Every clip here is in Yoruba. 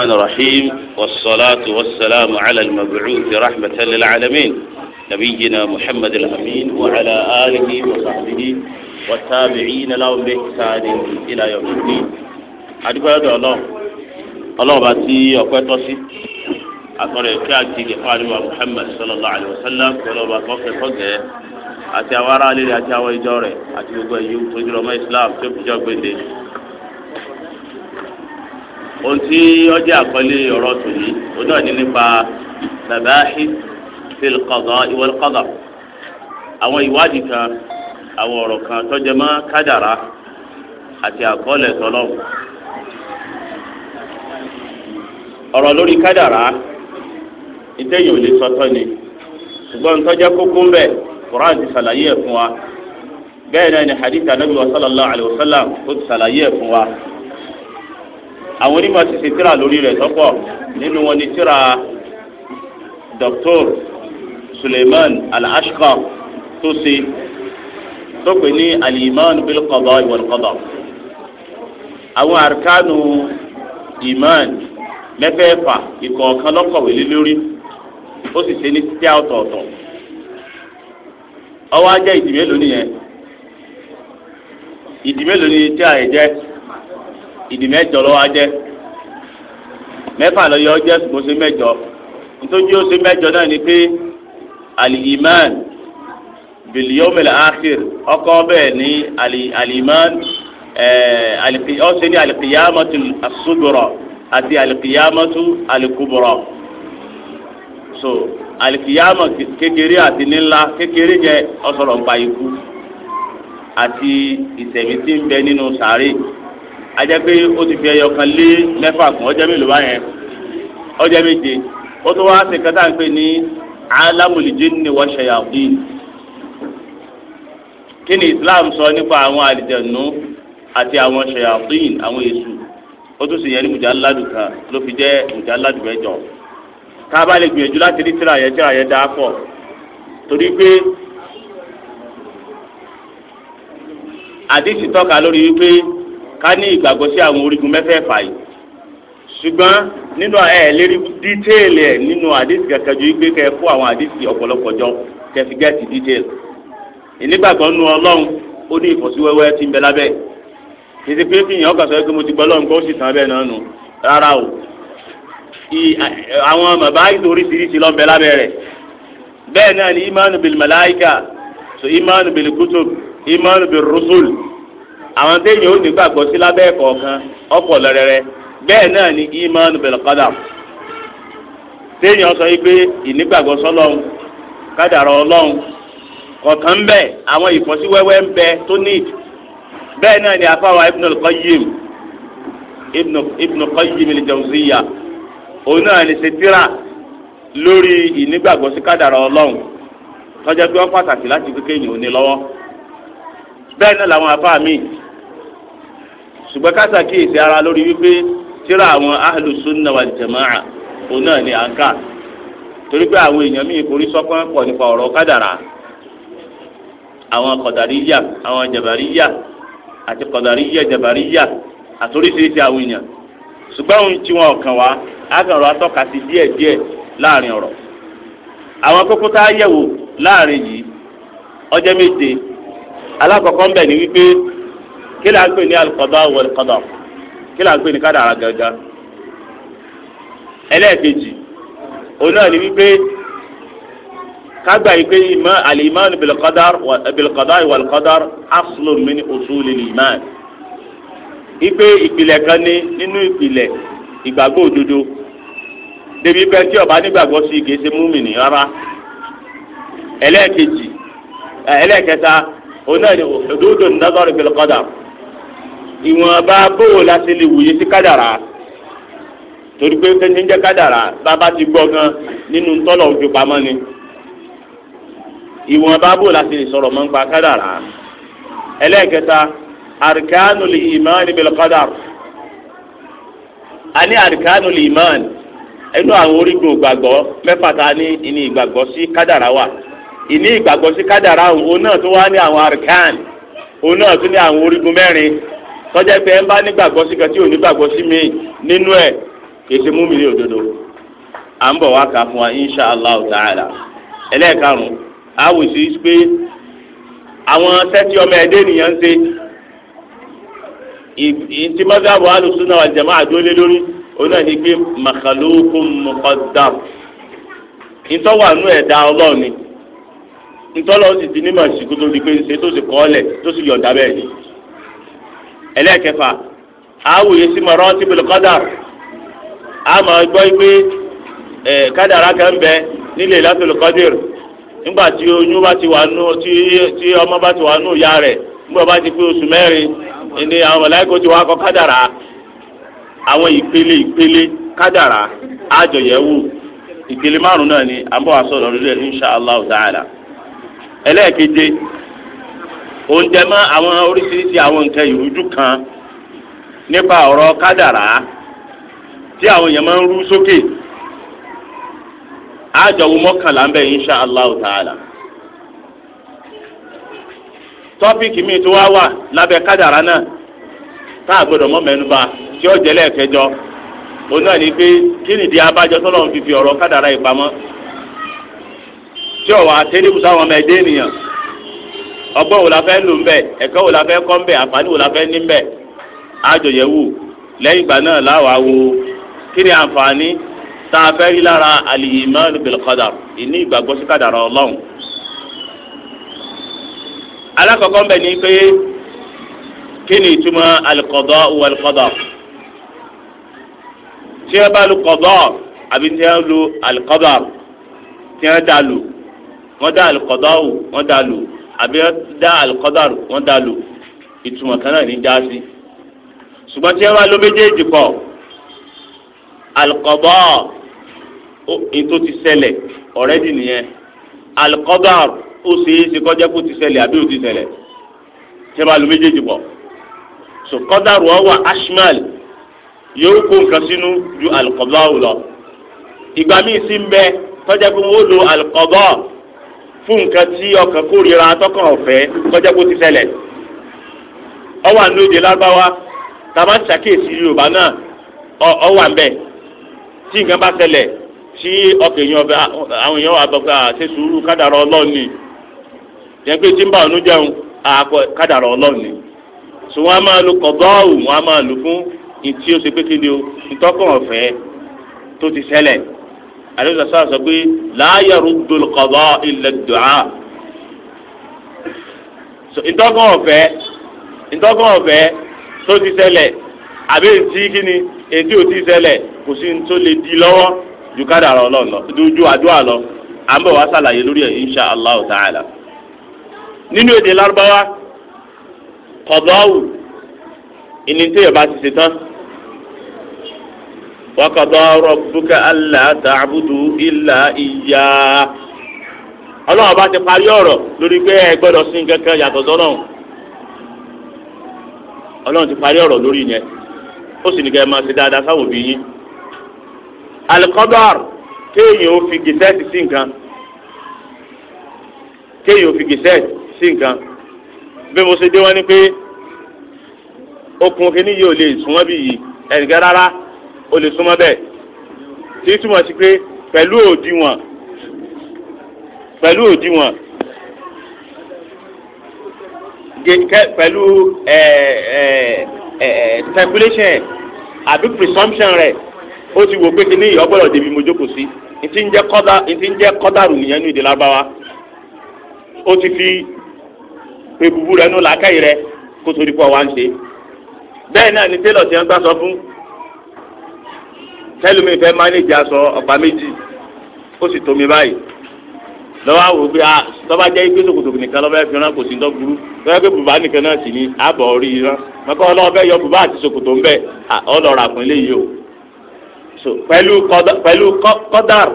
الرحمن الرحيم والصلاة والسلام على المبعوث رحمة للعالمين نبينا محمد الأمين وعلى آله وصحبه والتابعين لهم بإحسان إلى يوم الدين أدعو هذا الله الله باتي أقوى توسي أقول كاتي قال محمد صلى الله عليه وسلم ولو باتوقع فوقه أتي لي أتي أورا جوري يوم تجرى إسلام تبجى بندي ohun tí ọjọ́ àkọlé ọ̀rọ̀ tò ní òun náà ní nípa bàbáhì fil qada'i wal qadar àwọn ìwádìí kan àwọn ọ̀rọ̀ kan tó jẹ mọ́ kádàrá àti àkọọ́lẹ̀ tọ́lọ́wọ́ ọ̀rọ̀ lórí kádàrá ìtẹ̀yìn ò lè sọtọ́ ni ṣùgbọ́n tó jẹ́ kókó ń bẹ̀ Qur'an ti ṣàlàyé ẹ̀ fún wa bẹ́ẹ̀ náà ni hadith anabi wa sallallahu alayhi wa sallam ó ti ṣàlàyé ẹ̀ fún wa àwọn onímọ̀ ti ṣe tíra lórí rẹ̀ tọ́pọ̀ nínú wọn ni tíra Dr. Suleiman Al-Ashqar tó ṣe tó pè ní al-iman bil-qada wal-qadar àwọn arkanu iman mẹ́fẹ̀ẹ̀fà ìkọ̀ọ̀kan lọ́kọ̀wé lé lórí ó sì ṣe ní títí ọ̀tọ̀ọ̀tọ̀ ọwọ́ ajẹ́ ìdí mélòó nìyẹn ìdí mélòó ni tí a yẹ jẹ́ ìdí mẹ́jọ lọ́wọ́ ajẹ́ mẹ́fà lọ́yọ́ ọjẹ́ kò sí mẹ́jọ nítorí ó sí mẹ́jọ náà ni pé al-iman bil-yawm al-akhir ọkọ bẹ́ẹ̀ ni al-iman ọ̀sẹ̀ eh, ni al-qiyamatu as àti al-qiyamatu so alikiyama kékeré àti nílá kékeré jẹ ọsọrọ npa ikú àti ìṣẹ̀mí tí ń bẹ nínú sàárè ajẹ́ pé ó ti fi ẹyọ kan lé mẹ́fà kún ọjọ́ mélòó báyẹn ọjọ́ méje ó tún wá sí kátà ń pè ní alamul jinni wa shayatin kí ni Islam sọ nípa àwọn àlìjẹ̀nù àti àwọn shayatin àwọn èṣù ó tún sì yẹn ní mujalladu kan ló fi jẹ́ mujalladu mẹ́jọ tá a bá lè gbìyànjú láti rí tíra yẹn tíra yẹn dáa pọ̀ torí pé àdìsí tọ́ka lórí wípé ká ní ìgbàgbọ́ sí àwọn orígun mẹ́fẹ̀ẹ̀fà yìí ṣùgbọ́n nínú ẹ̀ lérí dítéèlì ẹ̀ nínú àdìsí kankan ju igbe kẹ fún àwọn àdìsí ọ̀pọ̀lọpọ̀ jọ kẹfì gẹ́ẹ̀tì dítéèlì ìnígbàgbọ́ nínú ọlọ́run ó ní ìfọ̀síwẹ́wẹ́ tí ń bẹ lábẹ́ títí pé fìyàn ọkàn sọ pé mo ti gbọ́ ọlọ́run kó sì tán bẹ́ẹ̀ náà nù rárá o àwọn bàbá oríṣiríṣi ló ń bẹ lábẹ́ rẹ̀ bẹ́ẹ̀ náà ni imanu bil malaika so imanu bil kutub imanu bil àwọn téèyàn ó nígbàgbọ́ sí lábẹ́ ẹ̀kọ́ kan ọ̀pọ̀ lọ́rẹ́rẹ́ bẹ́ẹ̀ náà ni imanu belkada téèyàn sọ yìí pé ìnígbàgbọ́ sọlọ́hún kádàrá ọlọ́hún kọ̀ọ̀kan ń bẹ àwọn ìfọ́síwẹ́wẹ́ ń bẹ tó ní bẹ́ẹ̀ náà ni afáwa ibn al-qayyim ibn ibn qayyim al-jawziya òun náà ni sètírà lórí ìnígbàgbọ́ sí kádàrá ọlọ́hún tọ́jà pé wọ́n pàtàkì láti kékeré yìí ò ní lọ́wọ́ bẹ́ẹ̀ náà làwọn afáà míì ṣùgbọ́n ká ṣàkíyèsí ara lórí wípé tíra àwọn ahlu sunna wal òun náà ni à ń kà torí pé àwọn èèyàn míì forí sọ́kàn pọ̀ nípa ọ̀rọ̀ kádàrà àwọn kọ̀dàríyà àwọn jàbàríyà àti kọ̀dàríyà jàbàríyà àtòríṣiríṣi àwọn èèyàn ṣùgbọ́n ohun tí wọn kàn wá àgànrò atọ́ka sí díẹ̀díẹ̀ láàrin ọ̀rọ̀ àwọn kókó tá a yẹ̀wò láàrin yìí ọjọ́ méje alákọ̀ọ́kọ́ ń bẹ̀ ni wípé kí là ń pè ní alukọ̀dọ̀ wọlùkọ̀dọ̀ kí là ń pè ní kádàrà gangan ẹlẹ́ẹ̀kejì òun náà ni wípé kagba yi pe ima aliman bilqadar bilqadar walqadar aslun min usul aliman ipe ìpìlẹ̀ kan ni nínú ìpìlẹ̀ ìgbàgbọ́ òdodo débi pé tí ó bá nígbàgbọ́ sí kìí ṣe múmìnì rárá ẹlẹ́ẹ̀kejì ẹlẹ́ẹ̀kẹta onáà ni òdodo nadar ìwọ̀nba bó o la ṣe lè wòye sí kádàrà torí pé kẹ́ni jẹ́ kádàrà bàbá ti gbọ́ gan nínú tọ́lọ̀ ojú pamọ́ ni ìwọ̀nba bó o la ṣe lè sọ̀rọ̀ mọ́ nípa kádàrà ẹlẹ́ẹ̀kẹta arkanu li iman bil qadar a ní arkanu li iman inú àwọn orígun ìgbàgbọ́ mẹ́fà ta ní ìní ìgbàgbọ́ sí kádàrà wà ìní ìgbàgbọ́ sí kádàrà òun náà tó wá ní àwọn arkan òun náà tó ní àwọn orígun mẹ́rin tọ́jà pé ẹ ń bá nígbàgbọ́ sí kan tí ò nígbàgbọ́ sí mi nínú ẹ̀ kì í ṣe múmi ní òdodo à ń bọ̀ wá kà fún wa insha allah ta'ala ẹlẹ́ẹ̀karùn-ún àwòsí pé àwọn sẹ́tí ọmọ ẹ̀dẹ́ ènìyàn ń ṣe ìtì mọ́sáàbù alùsùnà wal jama'a àdúrólé lórí oná ní pé makhluqun muqaddar ìtọ́wà ẹ̀dá ọlọ́run ni ìtọ́lọ́ sì ti nímọ̀ ìsìnkú tó di pé ń ṣe tó sì kọ́ ọ́lẹ̀ ẹlẹ́ẹ̀kẹfà àwòye sí maratibul qadar àmọ́ gbọ́ pé ẹ̀ kádàrá kan bẹ nílé lailatul qadr nígbà tí oyún bá ti wà nù tí ọmọ bá ti wà nù ya rẹ̀ nígbà bá ti pé oṣù mẹ́rin ni àwọn mọ̀láìkò ti wá kọ kádàrá àwọn ìpele ìpele kádàrá àjọyẹ̀wò ìpele márùn náà ni àbọ̀ àsọ̀rọ̀ lórí ẹ̀ insha Allah òun jẹ mọ́ àwọn oríṣiríṣi àwọn nǹkan ìrújú kan nípa ọrọ kádàrá tí àwọn èèyàn máa ń rú sókè àjọwò ń insha allah ta'ala tọ́pìkì míì tó wá wà lábẹ́ kádàrá náà tá a gbọ́dọ̀ mọ́ mẹ́nuba tí ó jẹ́lẹ̀ kẹjọ òun náà ni pé kí nìdí abájọ tọ́lọ́run fífi ọ̀rọ̀ kádàrá ìpamọ́ tí ọgbọ́n wo la fẹ́ lò ńbẹ ẹ̀kọ́ wo la fẹ́ kọ́ ńbẹ àǹfààní wo la fẹ́ ní ńbẹ àjòyẹ̀wò lẹ́yìn ìgbà náà láwa wo kí ni àǹfààní tá a fẹ́ rí lára al-imanu bil qadar ìní ìgbàgbọ́ sí kádàrá ọlọ́run. alákọ̀ọ́kọ́ ńbẹ ni pé kí ni ìtumọ̀ al-qada wal tí wọ́n bá lu qada àbí tí wọ́n lu al tí wọ́n dà lù wọ́n dà al wọ́n dà lù àbí da alikọ́dàr wọ́n dá lò ìtumọ̀ kan náà ní jáàsì ṣùgbọ́n tí wọ́n bá lo méjèèjì pọ̀ alikọ́bọ̀ ètò ti ṣẹlẹ̀ ọ̀rẹ́dì nìyẹn alikọ́dàr ó ṣeé ṣe kọjá kó ti ṣẹlẹ̀ àbí ó ti ṣẹlẹ̀ tí wọ́n bá lo méjèèjì pọ̀ so kọ́dàr wọ́n wà ashmal yóò kó nǹkan sínú ju alikọ́bọ̀ lọ ìgbà míì sí ń bẹ tọ́jà pé wọ́n lo alikọ́bọ̀. fún nǹkan tí ọkàn kórìíra tọkàn ọ̀fẹ́ kọjá kó ti ṣẹlẹ̀ ọwọ́ àánú èdè lágbáwá tàbá ń ṣàkíyèsí yorùbá náà ọwọ́ àmbẹ̀ tí nǹkan bá sẹlẹ̀ tí ọkàn èèyàn ọbẹ̀ àwọn èèyàn wà bọ̀gbà ṣe sùúrù kádàrọ̀ ọlọ́run ni yẹn pé tí ń bá ọ̀nú jẹun àkọ kádàrọ̀ ọlọ́run sọ wọn a máa lo kọ̀bọ́ọ̀ù wọn a máa lò fún ìtí ṣe pé kí ni o ìtọ́kàn ọ̀fẹ́ tó ti ṣẹlẹ̀ àdébùsà sáà sọ pé láàyè rúdùl kọ̀dọ̀ ilẹ̀ so ntọ́gán ọ̀fẹ́ ntọ́gán ọ̀fẹ́ tó ti ṣẹlẹ̀ àbí ètí kíni ètí ò ti ṣẹlẹ̀ kò sí ní tó lè di lọ́wọ́ ju kádàrá ọlọ́run lọ ju àdúrà lọ à ń bọ̀ wá sàlàyé lórí ẹ̀ insha allah ta'ala. nínú èdè lárúbáwá kọ̀dọ̀ àwù ìní téèyàn bá ti ṣe tán wákàtọ́ rọ̀bùkà aláàtàbùdù ìlà ìyá. ọlọ́run bá ti parí ọ̀rọ̀ lórí pé ẹ gbọ́dọ̀ sí kankan yàtọ̀ sọ́nà ọlọ́run ti parí ọ̀rọ̀ lórí yẹn ó sì ní kẹ́ ẹ máa ṣe dáadáa sáwọn òbí yín. alikọ́dọ̀r kéèyàn ò fi gìsẹ́ẹ̀tì sí nǹkan kéèyàn ò fi gìsẹ́ẹ̀tì sí nǹkan bí mo ṣe dé wọn ni pé okùn kìíní yìí ò lè sún wọn bí yìí ẹnìkan rárá o lè súnmọ́ bẹ́ẹ̀ tí túmọ̀ sí pé pẹ̀lú òdiwọ̀n pẹ̀lú òdiwọ̀n pẹ̀lú speculation àbí presumption rẹ̀ ó ti wò pé kíní ìyọ́gbọ́dọ̀ débi mo jókòó sí ìtí ń jẹ́ kọ́dà ìtí ń jẹ́ kọ́dàrú nìyẹn ní èdè lábáwá ó ti fi pé bubu rẹ̀ nù làákàyè rẹ̀ kó torí pọ̀ wá ń ṣe bẹ́ẹ̀ náà ni tẹ́lọ̀ ti ń gbà sọ fún tẹ́lùmí fẹ́ mánéjì aṣọ ọ̀pá méjì ó sì tómi báyìí lọ́wọ́ àwòrán pé ah, tọ́ba jẹ́ ipé sòkòtòkò nìkan lọ́wọ́ fi rán kò sí ń dọ́gburu lọ́wọ́ pé bùbá nìkan náà sì ní àbọ̀ orí rán mọ́kọ́ ọlọ́wọ́ fẹ́ yọ bùbá àti sòkòtò ń bẹ̀ ọlọ́ọ̀rà fún eléyìí o pẹ̀lú kọ́dàr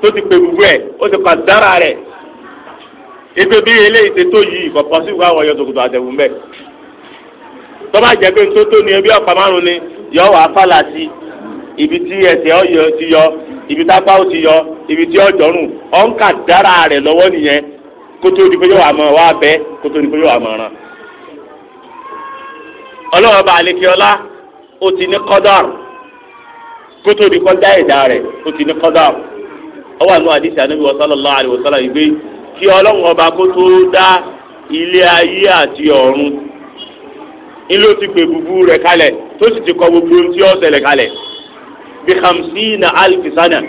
tó ti pè gbogbo ẹ̀ ó ti kọ́ dára rẹ̀ ibi bí eléyìí ti tó yìí kò sí ìwà àwọn yọ sòkòtò tọ́ba jẹ́ pé ntótó ni ẹbí ọ̀pá márùn-ún ni yọ wà á fàlà ibi tí ẹsẹ̀ ọ̀yọ́ ti yọ ibi tápá ó ti yọ ibi tí ọ̀jọ̀rùn ọ̀nkà dára rẹ̀ lọ́wọ́ nìyẹn kótó di pé yóò wà mọ́ wá bẹ́ kótó di pé yóò wà mọ́ ràn. ọlọ́wọ́ bá aleke ọlá ó ti ní kọ́dọ̀rù kótó di kọ́dá ẹ̀dá rẹ̀ ó ti ní kọ́dọ̀rù. ọwọ́ àánú àdìsí ànábi sallallahu alaihi wasallam yìí pé kí ọlọ́run ọba kó tó dá ilé ayé àti ọ̀run ilé ó ti gbè gbogbo rẹ̀ kalẹ̀ tó sì ti kọ gbogbo ohun tí kalẹ̀ bi hamsina alifi sana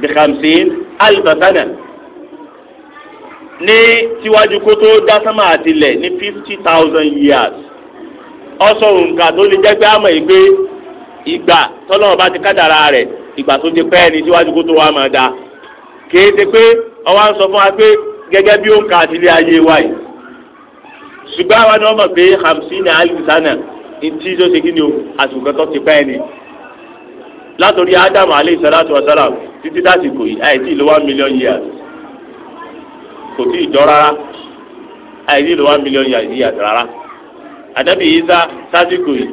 bi hamsin alifa sana ní tiwájú kó tó dá sánmà fifty thousand years ọsọ nǹkan tó lè jẹ́ pé àmọ́ ìgbé ìgbà tọ́lọ́wọ́ bá ti kádàrá rẹ̀ ìgbà tó ti pẹ́ ni tiwájú kó tó wá máa da kìí ṣe pé ọwọ́ ń sọ fún wa pé gẹ́gẹ́ bí òǹkà àtìlẹ̀ ayé wa yìí ṣùgbọ́n àwọn ọmọ pé hamsin alifi ní tí tó ṣe kí ni o àsùnkàn ti pẹ́ ni látòrí ádámù aleyhi salatu wa salam títí dásìkò yìí àìsí ìlú one million years kò tí ì jọ rárá àìsí ìlú one million years rárá àdàbí Ìsá sásìkò yìí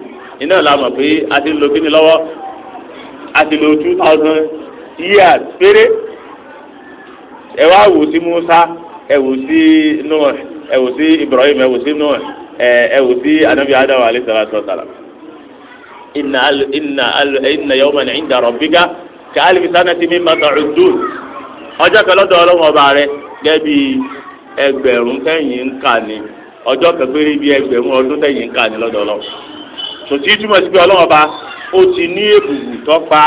iná la mọ̀ pé a ti lo kíni lọ́wọ́ a ti lo two thousand years péré ẹ wá wò sí Musa ẹ wò sí Nuh ẹ wò sí Ibrahim ẹ wò sí Nuh ẹ wò sí anabi adamu aleyhi salatu wa salam inna al inna al inna yawman inda rabbika ka alifi sanati mimma ta'udun ọjọ́ kan lọ́dọ̀ ọlọ́wọ́n ọba rẹ gẹ́bí ẹgbẹ̀rún tẹ̀yìn ń kà ní ọjọ́ kan péré bí ẹgbẹ̀rún ọdún tẹ̀yìn ń kà ní lọ́dọ̀ ọlọ́wọ́ tòtí túmọ̀ sí pé ọlọ́wọ́n ọba ó ti ní èbùbù tọ́pa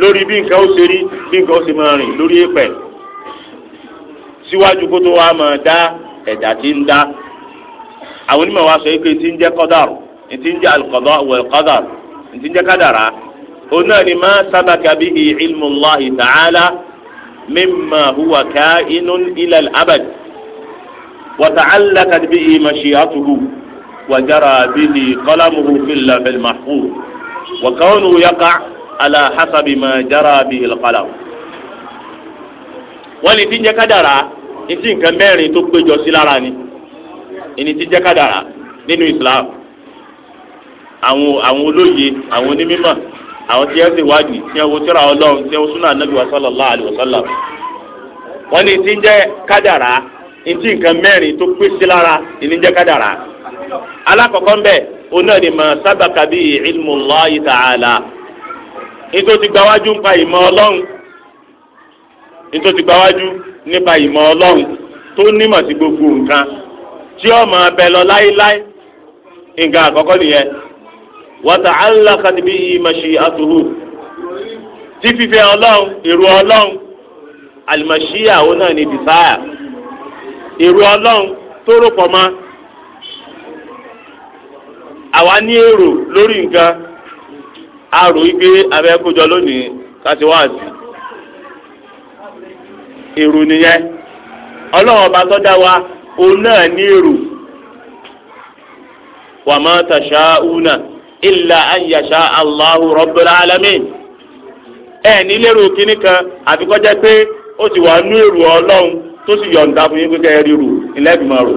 lórí bí nǹkan ó ṣe rí bí nǹkan ó ṣe máa rìn lórí èèpẹ̀ síwájú kó tó máa dá ẹ̀dá tí ń dá àwọn onímọ̀ wa sọ pé tí ń jẹ́ kọ́dàrú ntí ń jẹ́ alqada wal qadar ntí ń jẹ́ kádàrá òun náà ni ma sabaka bihi ilmu Allahi ta'ala mimma huwa kainun ila al-abad wa ta'allaqat bihi mashi'atuhu wa jara bihi qalamuhu fil mahfuz wa kawnuhu yaqa' ala hasabi ma jara bihi al-qalam wọ́n lè ti jẹ́ kádàrá etí nǹkan ni ẹni tí jẹ́ Islam àwọn àwọn olóye àwọn onímọ̀ àwọn tí wọ́n ti tí wọ́n tíra ọlọ́run tí wọ́n súnà nàbí sallallahu alaihi wasallam. wọ́n ní ti ń jẹ́ kádàrá ntí nǹkan mẹ́rin tó pèsè lára ìní jẹ́ kádàrá. alákọ̀ọ́kọ́ ń bẹ̀ sábàkà bí wata'allaqat bihi mashi'atuhu tí fífẹ́ ọlọ́run èrò ọlọ́run àlùmọ̀ṣíyà òun náà ni desire èrò ọlọ́run tó rò ma àwa ní èrò lórí nǹkan a rò wípé abẹ́ kójọ lónìí kásíwáàsì èrò nìyẹn ọba wa òun náà ní èrò tàṣà ùnà. illa an yasha allahu rabbul alamin ẹ nílẹ̀rù kínní kan àfi pé ó ti wà nú èrò ọlọ́run tó sì yọ̀ǹda fún yín pé kẹ́ ìlẹ́gbìmọ̀ rò.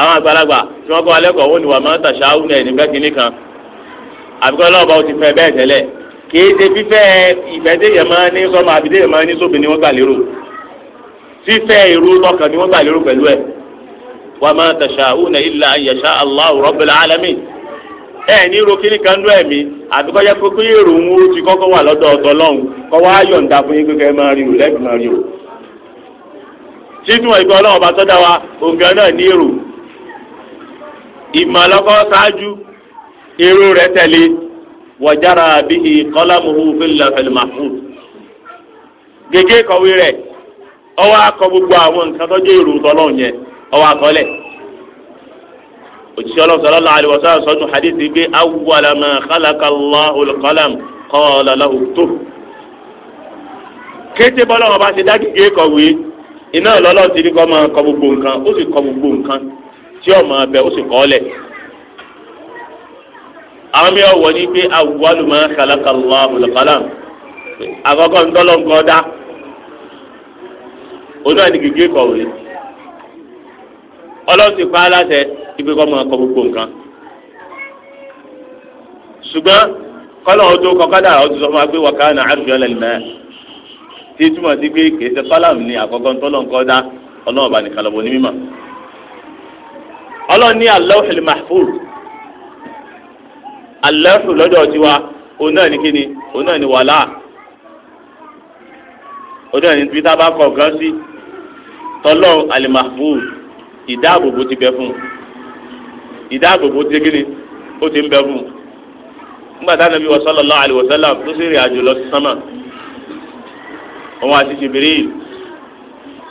àwọn àgbàlagbà tí wọ́n kọ́ alẹ́kọ̀ọ́ wọn ni wà máa ń tàṣà áwùn ẹ̀ nígbà kínní kan ó ti fẹ́ bẹ́ẹ̀ tẹ́lẹ̀ kìí ṣe fífẹ́ ìfẹ́ téèyàn máa ní sọ́mọ àbí máa ní wọ́n gbà lérò fífẹ́ èrò ni wa ma tasha'una illa a yasha Allahu ẹ ní ro kiri kan ló ẹ̀mí àti kọjá kókó èrò ń wo ti kọ́kọ́ wà lọ́dọ̀ ọ̀tọ̀ lọ́hùn kọ́ wá yọ̀ǹda fún yín kékeré máa rí o lẹ́gbẹ̀ẹ́ máa rí o. ọlọ́run wa náà ní èrò ìmọ̀ lọ́kọ́ èrò rẹ̀ tẹ̀lé ọwọ́ àkọọ́lẹ̀ òtítọ́ ọlọ́sọ̀rọ̀ lọ́la àlùwọ̀sọ̀ sọ́dún hadithi gbé awwalama kálákàlá olùkọ́làm kọ́ọ̀lá lọ́hùtò. kété bọ́lá wọn bá ti dá gègé kọ̀wé iná ìlọ́lọ́ ti ní kọ́ máa kọ gbogbo nǹkan ó sì kọ gbogbo nǹkan tí ọ̀ máa bẹ ó sì kọ́ọ́lẹ̀. àwọn mi ọ̀wọ́ ni pé awwalama kálákàlá olùkọ́làm àkọ́kọ́ ńdọ́lọ́ nǹkan dá onú àdìgègé kọ̀wé. ọlọ́run ti pa ibi kọ́ máa kọ gbogbo nǹkan. ṣùgbọ́n kọ́lọ̀ ọdún kọ́kọ́dà ọdún sọ fún na pé wà ká nà tí túmọ̀ sí pé ní àkọ́kọ́ tọ́lọ̀ nǹkan dá ọlọ́run ọba nìkan ní mímọ́. ní tiwa òun náà ní ìdáàbòbò ti bẹ fún un ìdáàbòbò ti gíní ó ti ń bẹ fún un nígbà tá nàbí sallallahu alaihi wasallam tó sì rìn àjò lọ sí sánmà òun àti Jibril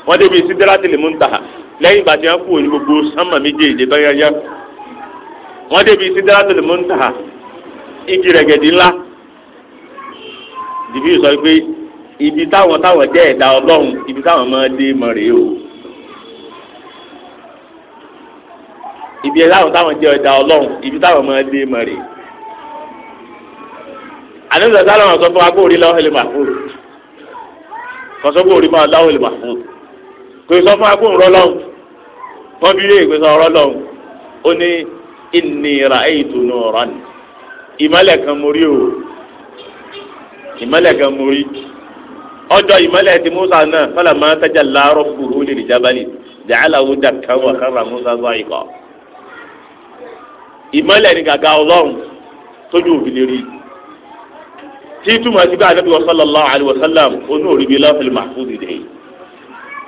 wọ́n débi Sidratil Muntaha lẹ́yìn ìgbà tí wọ́n kú òní gbogbo sánmà méjèèjì báyáyá wọ́n débi Sidratil Muntaha igi rẹ̀gẹ̀dì ńlá Jibril sọ pé ibi táwọn táwọn jẹ́ ẹ̀dá ọlọ́run ibi táwọn máa dé mọ̀ o. ibi láwọn táwọn jẹ ọjà ọlọ́run ibi táwọn máa dé mọ̀ rè àdéhùn sáré wọn sọ fún wa kó orí láwọn ẹlẹ́mà fún un kò sọ fún orí máa láwọn ẹlẹ́mà fún un kò sọ fún wa kó òun rọ́ lọ́hùn wọ́n bí léègbé sọ ọ̀rọ̀ lọ́hùn ó ní ìnira ẹ̀yìntùnú ọ̀rọ̀ ni ìmọ̀lẹ̀ kan mo rí o ìmọ̀lẹ̀ kan mo rí ọjọ́ ìmọ̀lẹ̀ ti Musa náà fọlọ́ máa tẹ́jà láàárọ̀ fúru lè ìmọ́lẹ̀ ní gàgà ọlọ́run tójú òbí lè rí tí túmọ̀ sí bá àdébí sallallahu alaihi wasallam onú òrìbí lọ́fẹ̀lì mahfuz dìde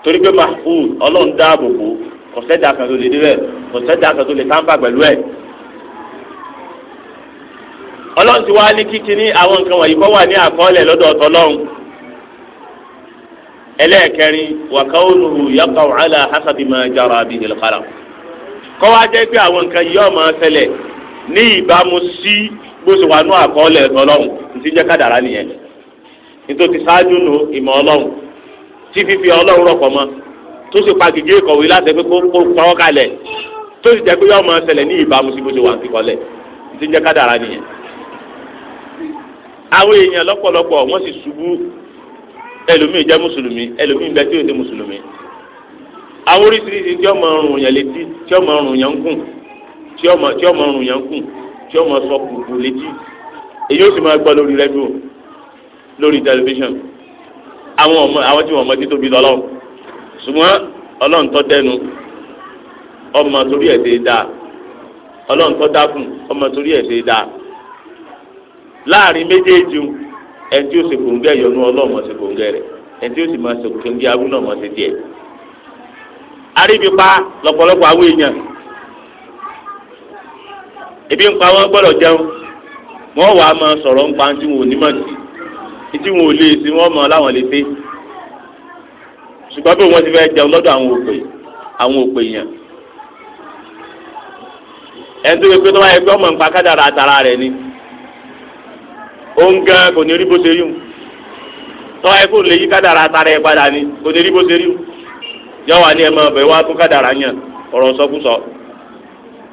torí pé mahfuz ọlọ́run dáàbò bò kọ̀sẹ́dà kan tó lè dé bẹ́ẹ̀ kọ̀sẹ́dà kan tó lè táǹbà pẹ̀lú ẹ̀ ọlọ́run ti wá ní kíkí ní àwọn nǹkan wọ̀nyí kọ́ wà ní àkọọ́lẹ̀ lọ́dọ̀ ọ̀tọ̀ ọlọ́run ẹlẹ́ẹ̀kẹrin wàkàwọ́nù yaqa'u kọ́ wá jẹ́ pé àwọn nǹkan yìí ọmọ ṣẹlẹ̀ ní ìbámu sí gbóṣù wa nú àkọọ́lẹ̀ ọlọ́run ti jẹ́ kádàrá nìyẹn nítorí ṣáájú nu ìmọ̀ ọlọ́run tí fífi ọlọ́run rọ̀pọ̀ mọ́ tó sì pàgìjì ìkọ̀wé láti pé kó pọ́wọ́ kalẹ̀ tó sì jẹ́ pé ọmọ ṣẹlẹ̀ ní ìbámu sí gbóṣù wa kíkọ́lẹ̀ ti jẹ́ kádàrá nìyẹn. àwọn èèyàn àwọn oríṣiríṣi tí ọmọ ọrùn yẹn létí tí ọmọ ọrùn yẹn ń kùn tí ọmọ tí ọmọ ọrùn yẹn ń kùn tí ọmọ sọ kùkù létí èyí ó sì máa gbọ́ lórí rẹ́díò lórí tẹlifíṣàn àwọn ọmọ àwọn tí wọn mọ títóbi lọ́lọ́ ṣùgbọ́n ọlọ́run tó dẹnu ọmọ torí ẹ̀ ṣe dáa ọlọ́run tó dákùn ọmọ torí ẹ̀ ṣe dáa láàrin méjèèjì ẹni tí ó ṣe kòǹgẹ́ ìyọnu ọlọ́run ọ̀ṣẹ̀ kòǹgẹ́ rẹ̀ ẹni tí ó sì máa ṣe kòǹgẹ́ abúlọ̀ ọ̀ṣẹ̀ díẹ̀ aríbipa lọ́pọ̀lọpọ̀ àwọn èèyàn ebi ń pa wọn gbọ́dọ̀ jẹun wọn wà á máa sọ̀rọ̀ ń pa tí wọn ò ní mọ̀ sí tí wọn ò lè sí wọn mọ̀ láwọn lè dé ṣùgbọ́n bí wọ́n ti fẹ́ jẹun lọ́dọ̀ àwọn òpè àwọn òpè yẹn ẹni tó yẹ pé tó wáyé pé ọmọ nǹkan kádàrà àtàrà rẹ̀ ni ó ń gan kò ní rí bó ṣe rí mu tó wáyé kó lè yí kádàrà àtàrà ẹ̀ padà ni kò ní rí bó ṣe rí mu. yọwa ni ẹmọ máa bẹ kó ọ̀rọ̀ sọkúsọ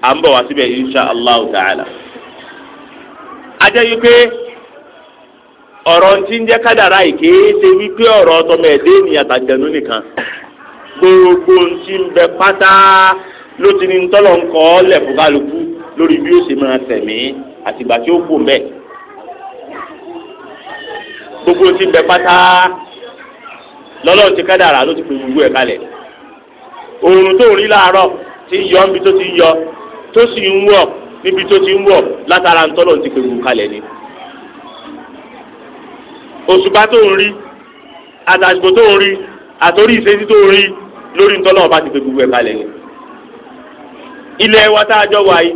à ń bọ̀ wá síbẹ̀ insha allah ta'ala. ajẹ́ yìí pé ọ̀rọ̀ ti ń jẹ́ kádàrá yìí kìí ṣe wípé ọ̀rọ̀ ọtọmọ ẹ̀dẹ́ ènìyàn nìkan gbogbo ti ń bẹ pátá ló ti ní tọ́lọ̀ ń kọ́ kálukú lórí bí gbogbo ti ń bẹ pátá lọ́lọ́run ti òòrùn tó rí láàárọ̀ ti ń yọ níbi tó ti ń yọ tó sì ń wọ̀ níbi tó ti ń wọ̀ látara ntọ́lọ̀ ti pèrò kalẹ̀ ni. òṣùpá tó ń rí àtàṣìkò tó ń rí àtòrí ìṣesí tó ń rí lórí ntọ́lọ̀ ọba ti pèrò kalẹ̀ ni. ilé wa tá a jọ wà yìí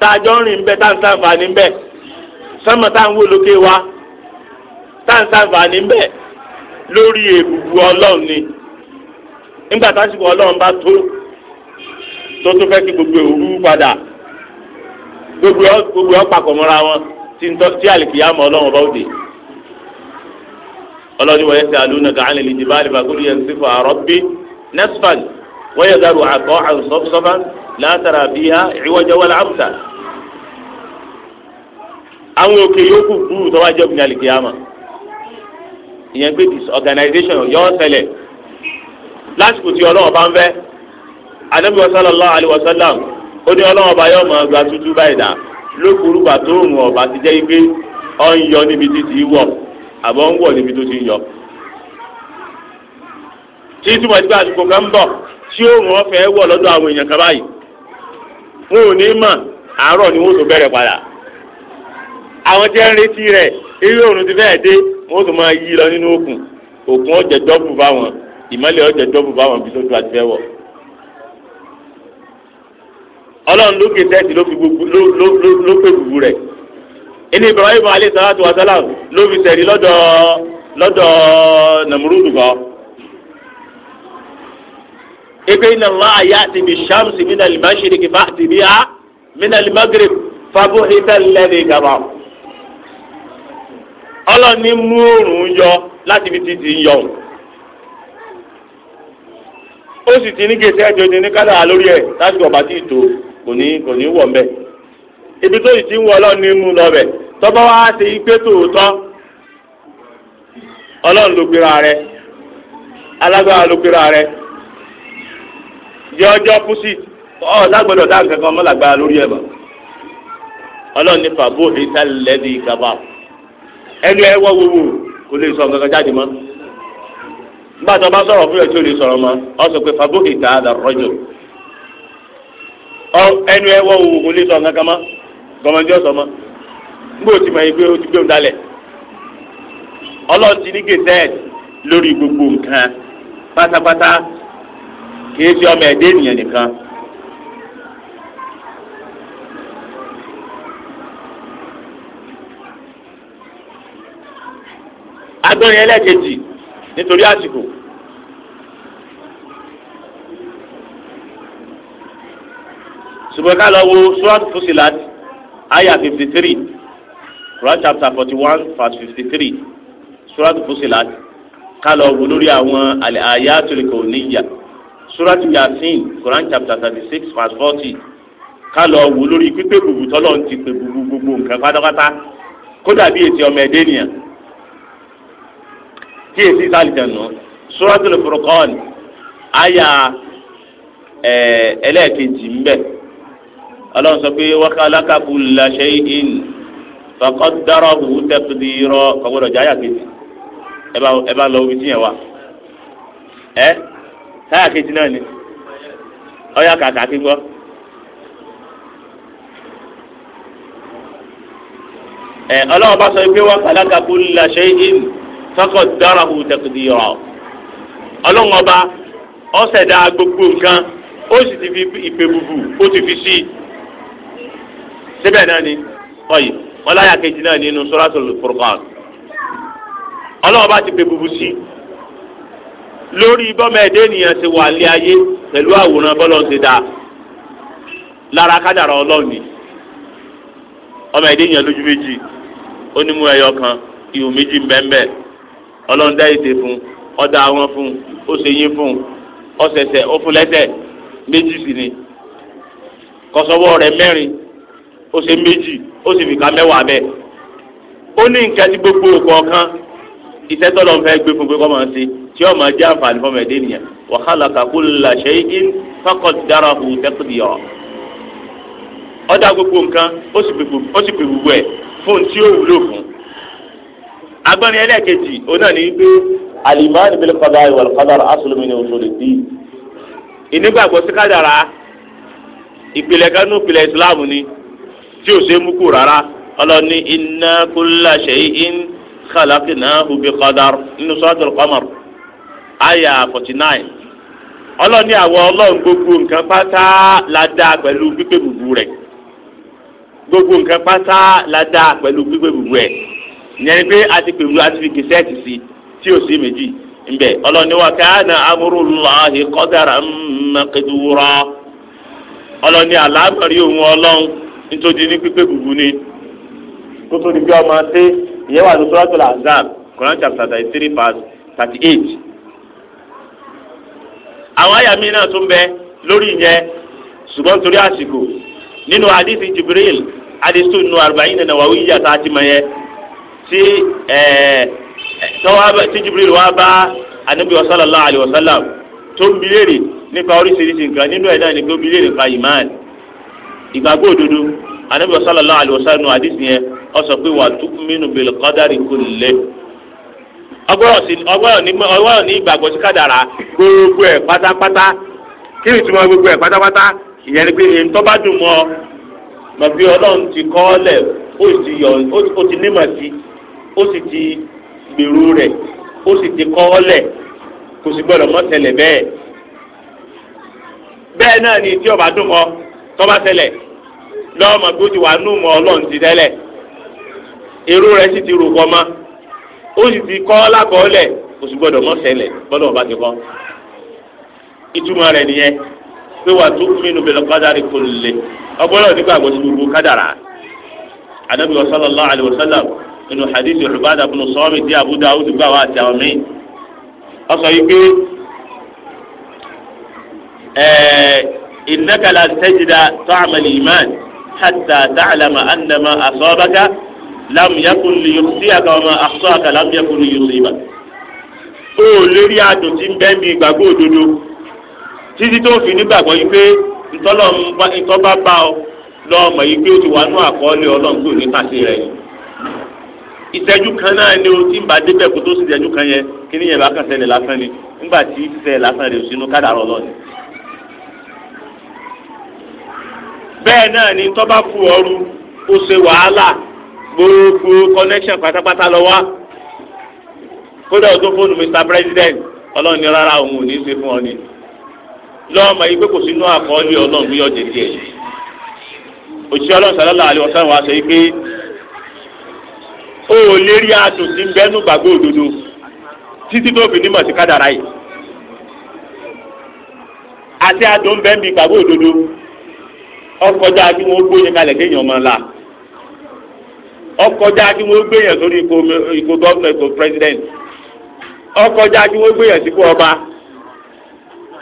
tá a jọ ń rìn bẹ́ẹ̀ tá a ń sàǹfààní bẹ́ẹ̀ sánmọ̀ tá a ń lókè wa tá a ń sàǹfààní bẹ́ẹ̀ lórí èbùbù ọlọ́run ni. nígbà tásìkò ọlọ́run bá tó tó tó fẹ́ kí gbogbo òru padà gbogbo gbogbo ọ̀pàkọ̀ mọ́ra wọn tí ń tọ́ tí àlìkìyà mọ́ ọlọ́run bá òde ọlọ́run wọ́n yẹ ti àlùna gàánì lè dìbò àlìfà kúrò yẹn sí fún àrọ́bí nẹ́sfàn wọ́n dàrú àkọ́ àrùsọ́fọ́sọ́fà látara bí ìwọ́jọ́ wọlé àmúta àwọn òkè yòókù kúrú tó wá jẹ́ àlìkìyà mọ́ ìyẹn lásìkò tí ọlọ́wọ́ bá ń fẹ́ anabi sallallahu alaihi wasallam ó ní ọlọ́wọ́ bá yọ̀ máa gba báyìí dà lókùrú gbà tó ti jẹ́ ipé ọ̀ ń ti wọ̀ àbọ̀ ń wọ̀ níbi tó ti ń yọ. tí túmọ̀ tí ó wọ́n fẹ́ lọ́dọ̀ àwọn èèyàn báyìí wọn ìmọ̀lẹ̀ ọjọ́ dọ́bù báwọn ibi tó tó àti fẹ́ wọ̀. ọlọ́run ló ké tẹ́sí ló fi gbogbo ló ló ló pé gbogbo rẹ̀ inú Ibrahim alayhi salatu wa salam ló fi sẹ̀rí lọ́dọ̀ lọ́dọ̀ Nàmúrúdù kan. ebe inna Allah ya'ti bish-shamsi min al-mashriqi fa'ti biha min al-maghrib fabuhita alladhi kafara. ọlọ́run ní mú òòrùn yọ láti fi títì ń ó sì ti ní gèsè ẹjọ́ ti ní kádà lórí ẹ̀ lásìkò ọba tí ìtò kò ní kò ní wọ̀ ibi tó sì ti ń wọ ọlọ́run ní mú lọ bẹ̀ gbera wa ṣe ipé tòótọ́ ọlọ́run ló gbéra alágbára ló gbéra ọjọ́ lágbọ́dọ̀ dá nǹkan kan mọ́lágbára lórí ẹ̀ bọ̀ ọlọ́run ní fàbó ìtàlẹ́dì ìkàbà ẹnu ẹ kò lè sọ nǹkan kan nígbà tó bá sọ̀rọ̀ fún ẹtí ò lè sọ̀rọ̀ mọ́ ọ sọ pé fàbókè tá a ọ. ọ ẹnu ẹ wọ òwò kò lè sọ nǹkan kan mọ gọmọdé ọ̀sọ̀ mọ́ nígbà tí màá gbé o ti gbé òun dalẹ̀ ọlọ́run ti ní lórí gbogbo nǹkan pátápátá kì ṣe ọmọ ẹ̀dẹ́ ènìyàn nìkan. agbọ́nrin ẹlẹ́kejì nítorí àsìkò ṣùgbọ́n ká lọ wo surat fusilat aya fifty three quran chapter forty one verse fifty three surat fusilat ká lọ wo lórí àwọn àlẹ́ àyà tòlẹ́kọ̀ oníyà surat yasin quran chapter thirty six verse forty ká lọ wo lórí pípé gbogbo tọ́lọ̀ ń ti pé gbogbo gbogbo nǹkan pátápátá kódà bí èsì ọmọ ẹ̀dẹ́ nìyẹn tí èsì sálìjẹ̀ nù surat al-Furqan aya eh, ẹlẹ́ẹ̀kejì ń bẹ ọlọ́run sọ pé wákàlákà kù làṣẹ in fọkọ dárọ òwú tẹkùdì rọ ọgbọdọ jáyà kejì ẹ bá lọ omi tí yẹn wà ẹ táyà kejì náà ni ọyà kàkà kí gbọ́. ẹ ọlọ́run bá sọ pé wákàlákà kù làṣẹ in fọkọ dárọ òwú tẹkùdì rọ ọlọ́run gbogbo nǹkan ó sì ti fi ìpè bùbù ó ti fi sí síbẹ̀ náà ni ọ̀yì wọn láyà kejì náà nínú suratul Furqan ọlọ́wọ́n bá ti pe bubu sí i lórí bọ́mọ ẹ̀dẹ́ ènìyàn ti wà lé ayé pẹ̀lú àwòrán bọ́lọ́n ti dáa lára kádàrá ọlọ́run ni ọmọ ẹ̀dẹ́ ènìyàn lójú méjì ó ní mú ẹyọ kan ihò méjì mbẹ́mbẹ́ ọlọ́run dá ètè fún ọ̀dà àwọn fún ó ṣe yín fún ọ̀sẹ̀sẹ̀ ó fún lẹ́sẹ̀ méjì sí ni kọ́sọ́wọ́ rẹ̀ mẹ́rin ó ṣe méjì ó sì fìkà mẹ́wàá bẹ́ẹ̀ ó ní nǹkan tí gbogbo kọ̀ọ̀kan iṣẹ́ tọ́lọ́ fẹ́ gbé fún pé kọ́ máa ṣe tí ó máa jẹ́ àǹfààní fún ọmọdé nìyẹn wa khalaqa kulla shay'in faqaddarahu taqdira ọ̀dà gbogbo nǹkan ó sì pè gbogbo ẹ̀ fún tí ó wúlò fún agbọ́nni ẹlẹ́ẹ̀kejì òun náà ní pé alimani bil qada'i wal qadar aslun min usulid-din ìnígbàgbọ́ sí kádàrá ìpìlẹ̀ kanú ìpìlẹ̀ ìsìláàmù ni. tí ò ṣe mú kú rárá ọlọ́ni inna kulla shay'in khalaqnahu bi qadar nínú suratul qamar àyà forty nine ọlọ́ni àwọ̀ la pẹ̀lú pípé bubu gbogbo la pípé ni pé a ti pèrú a ti fi kìsẹ́ẹ̀tì si tí ò sí méjì ńbẹ wa òun nítorí ní pípé gbùgbù ni kó tó di bí ọmọ ṣe ìyẹn wà ní suratul Ahzab Quran chapter thirty three verse thirty eight. àwọn àyà mi náà tún bẹ lórí ìyẹn ṣùgbọ́n torí àsìkò nínú hadith Jibril hadith nù arba'in nawawiyya tá a ti mọ yẹn tí eh, tí Jibril wá bá anabi wa sallallahu alayhi wa sallam tó ń bi nípa oríṣiríṣi nǹkan nínú ẹ̀ náà ni pé ó bi léèrè ìgbàgbọ́ òdodo anabi sallallahu alaihi wasallam àdìsí yẹn ó sọ pé wà tu'minu bil qadari kulli ọgbọ́n ní ìgbàgbọ́ sí kádàrá gbogbo ẹ̀ pátápátá kí ni ìtumọ̀ gbogbo ẹ̀ pátápátá ìyẹn ni pé èyí tó bá dùn mọ́ ọ màbí ọlọ́run ti kọ́ lẹ̀ ó sì yọ ó ti nímọ̀ sí ó sì ti gbèrú rẹ̀ ó sì ti kọ́ lẹ̀ kò sì gbọ́dọ̀ mọ́ bẹ́ẹ̀ bẹ́ẹ̀ náà ni tí dùn mọ́ lọ́mọ pé ti wà nù ọlọ́run ti tẹ́lẹ̀ èrò rẹ̀ sì ti rò kọ́ ma ó sì ti kọ́ lákọ́ọ́lẹ̀ kò gbọ́dọ̀ mọ́ ṣẹlẹ̀ bọ́dọ̀ ọba ti kọ́ ìtumọ̀ rẹ̀ nìyẹn pé wà tó mímu bẹ̀rẹ̀ kádàrí kò gbogbo kádàrà anabi wa sallallahu alayhi wa hadithi di Abu Dawud àti àwọn míì sọ yìí pé حتى تعلم أن ما أصابك لم يكن ليخطئك وما أخطأك لم يكن ليصيبك ó lórí àjò tí ń bẹ́ẹ̀ ìgbàgbọ́ òdodo títí tó fi nígbàgbọ́ yìí pé ntọ́ bá bá ọ lọ́ọ̀mọ̀ yìí pé ó ti wà nú àkọọ́lẹ̀ ọlọ́run tó rẹ̀ yìí. ìṣẹ́jú kan náà ni o ti ń bá débẹ̀ kó tó ìṣẹ́jú kan yẹn kí ni yẹn bá kàn lásán ni tí lásán rẹ̀ ò sínú kádàrọ̀ lọ́ọ̀ni. bẹ́ẹ̀ náà ni tó bá fu ọrú ó ṣe wàhálà gbogbo connection pátápátá lọ wá kódà ó fóònù Mr President ọlọ́run ní rárá òun ò ní ṣe fún ọ ni lọ́ọ̀mọ̀ yìí pé kò sínú àkọọ́lẹ̀ ọlọ́run bí ọ̀jẹ̀ tiẹ̀ òṣìṣẹ́ ọlọ́run sàlọ́lá àlẹ́ ọ̀sán wa sọ pé ó ò lérí àtò bẹ́nu òdodo títí tó fi nímọ̀ sí kádàrá yìí ọkọjá kí wọ́n gbóyè kalẹ̀ kéèyàn máa la ọkọjá kí wọ́n gbéyàn sórí president ọkọjá kí wọ́n gbéyàn sípò ọba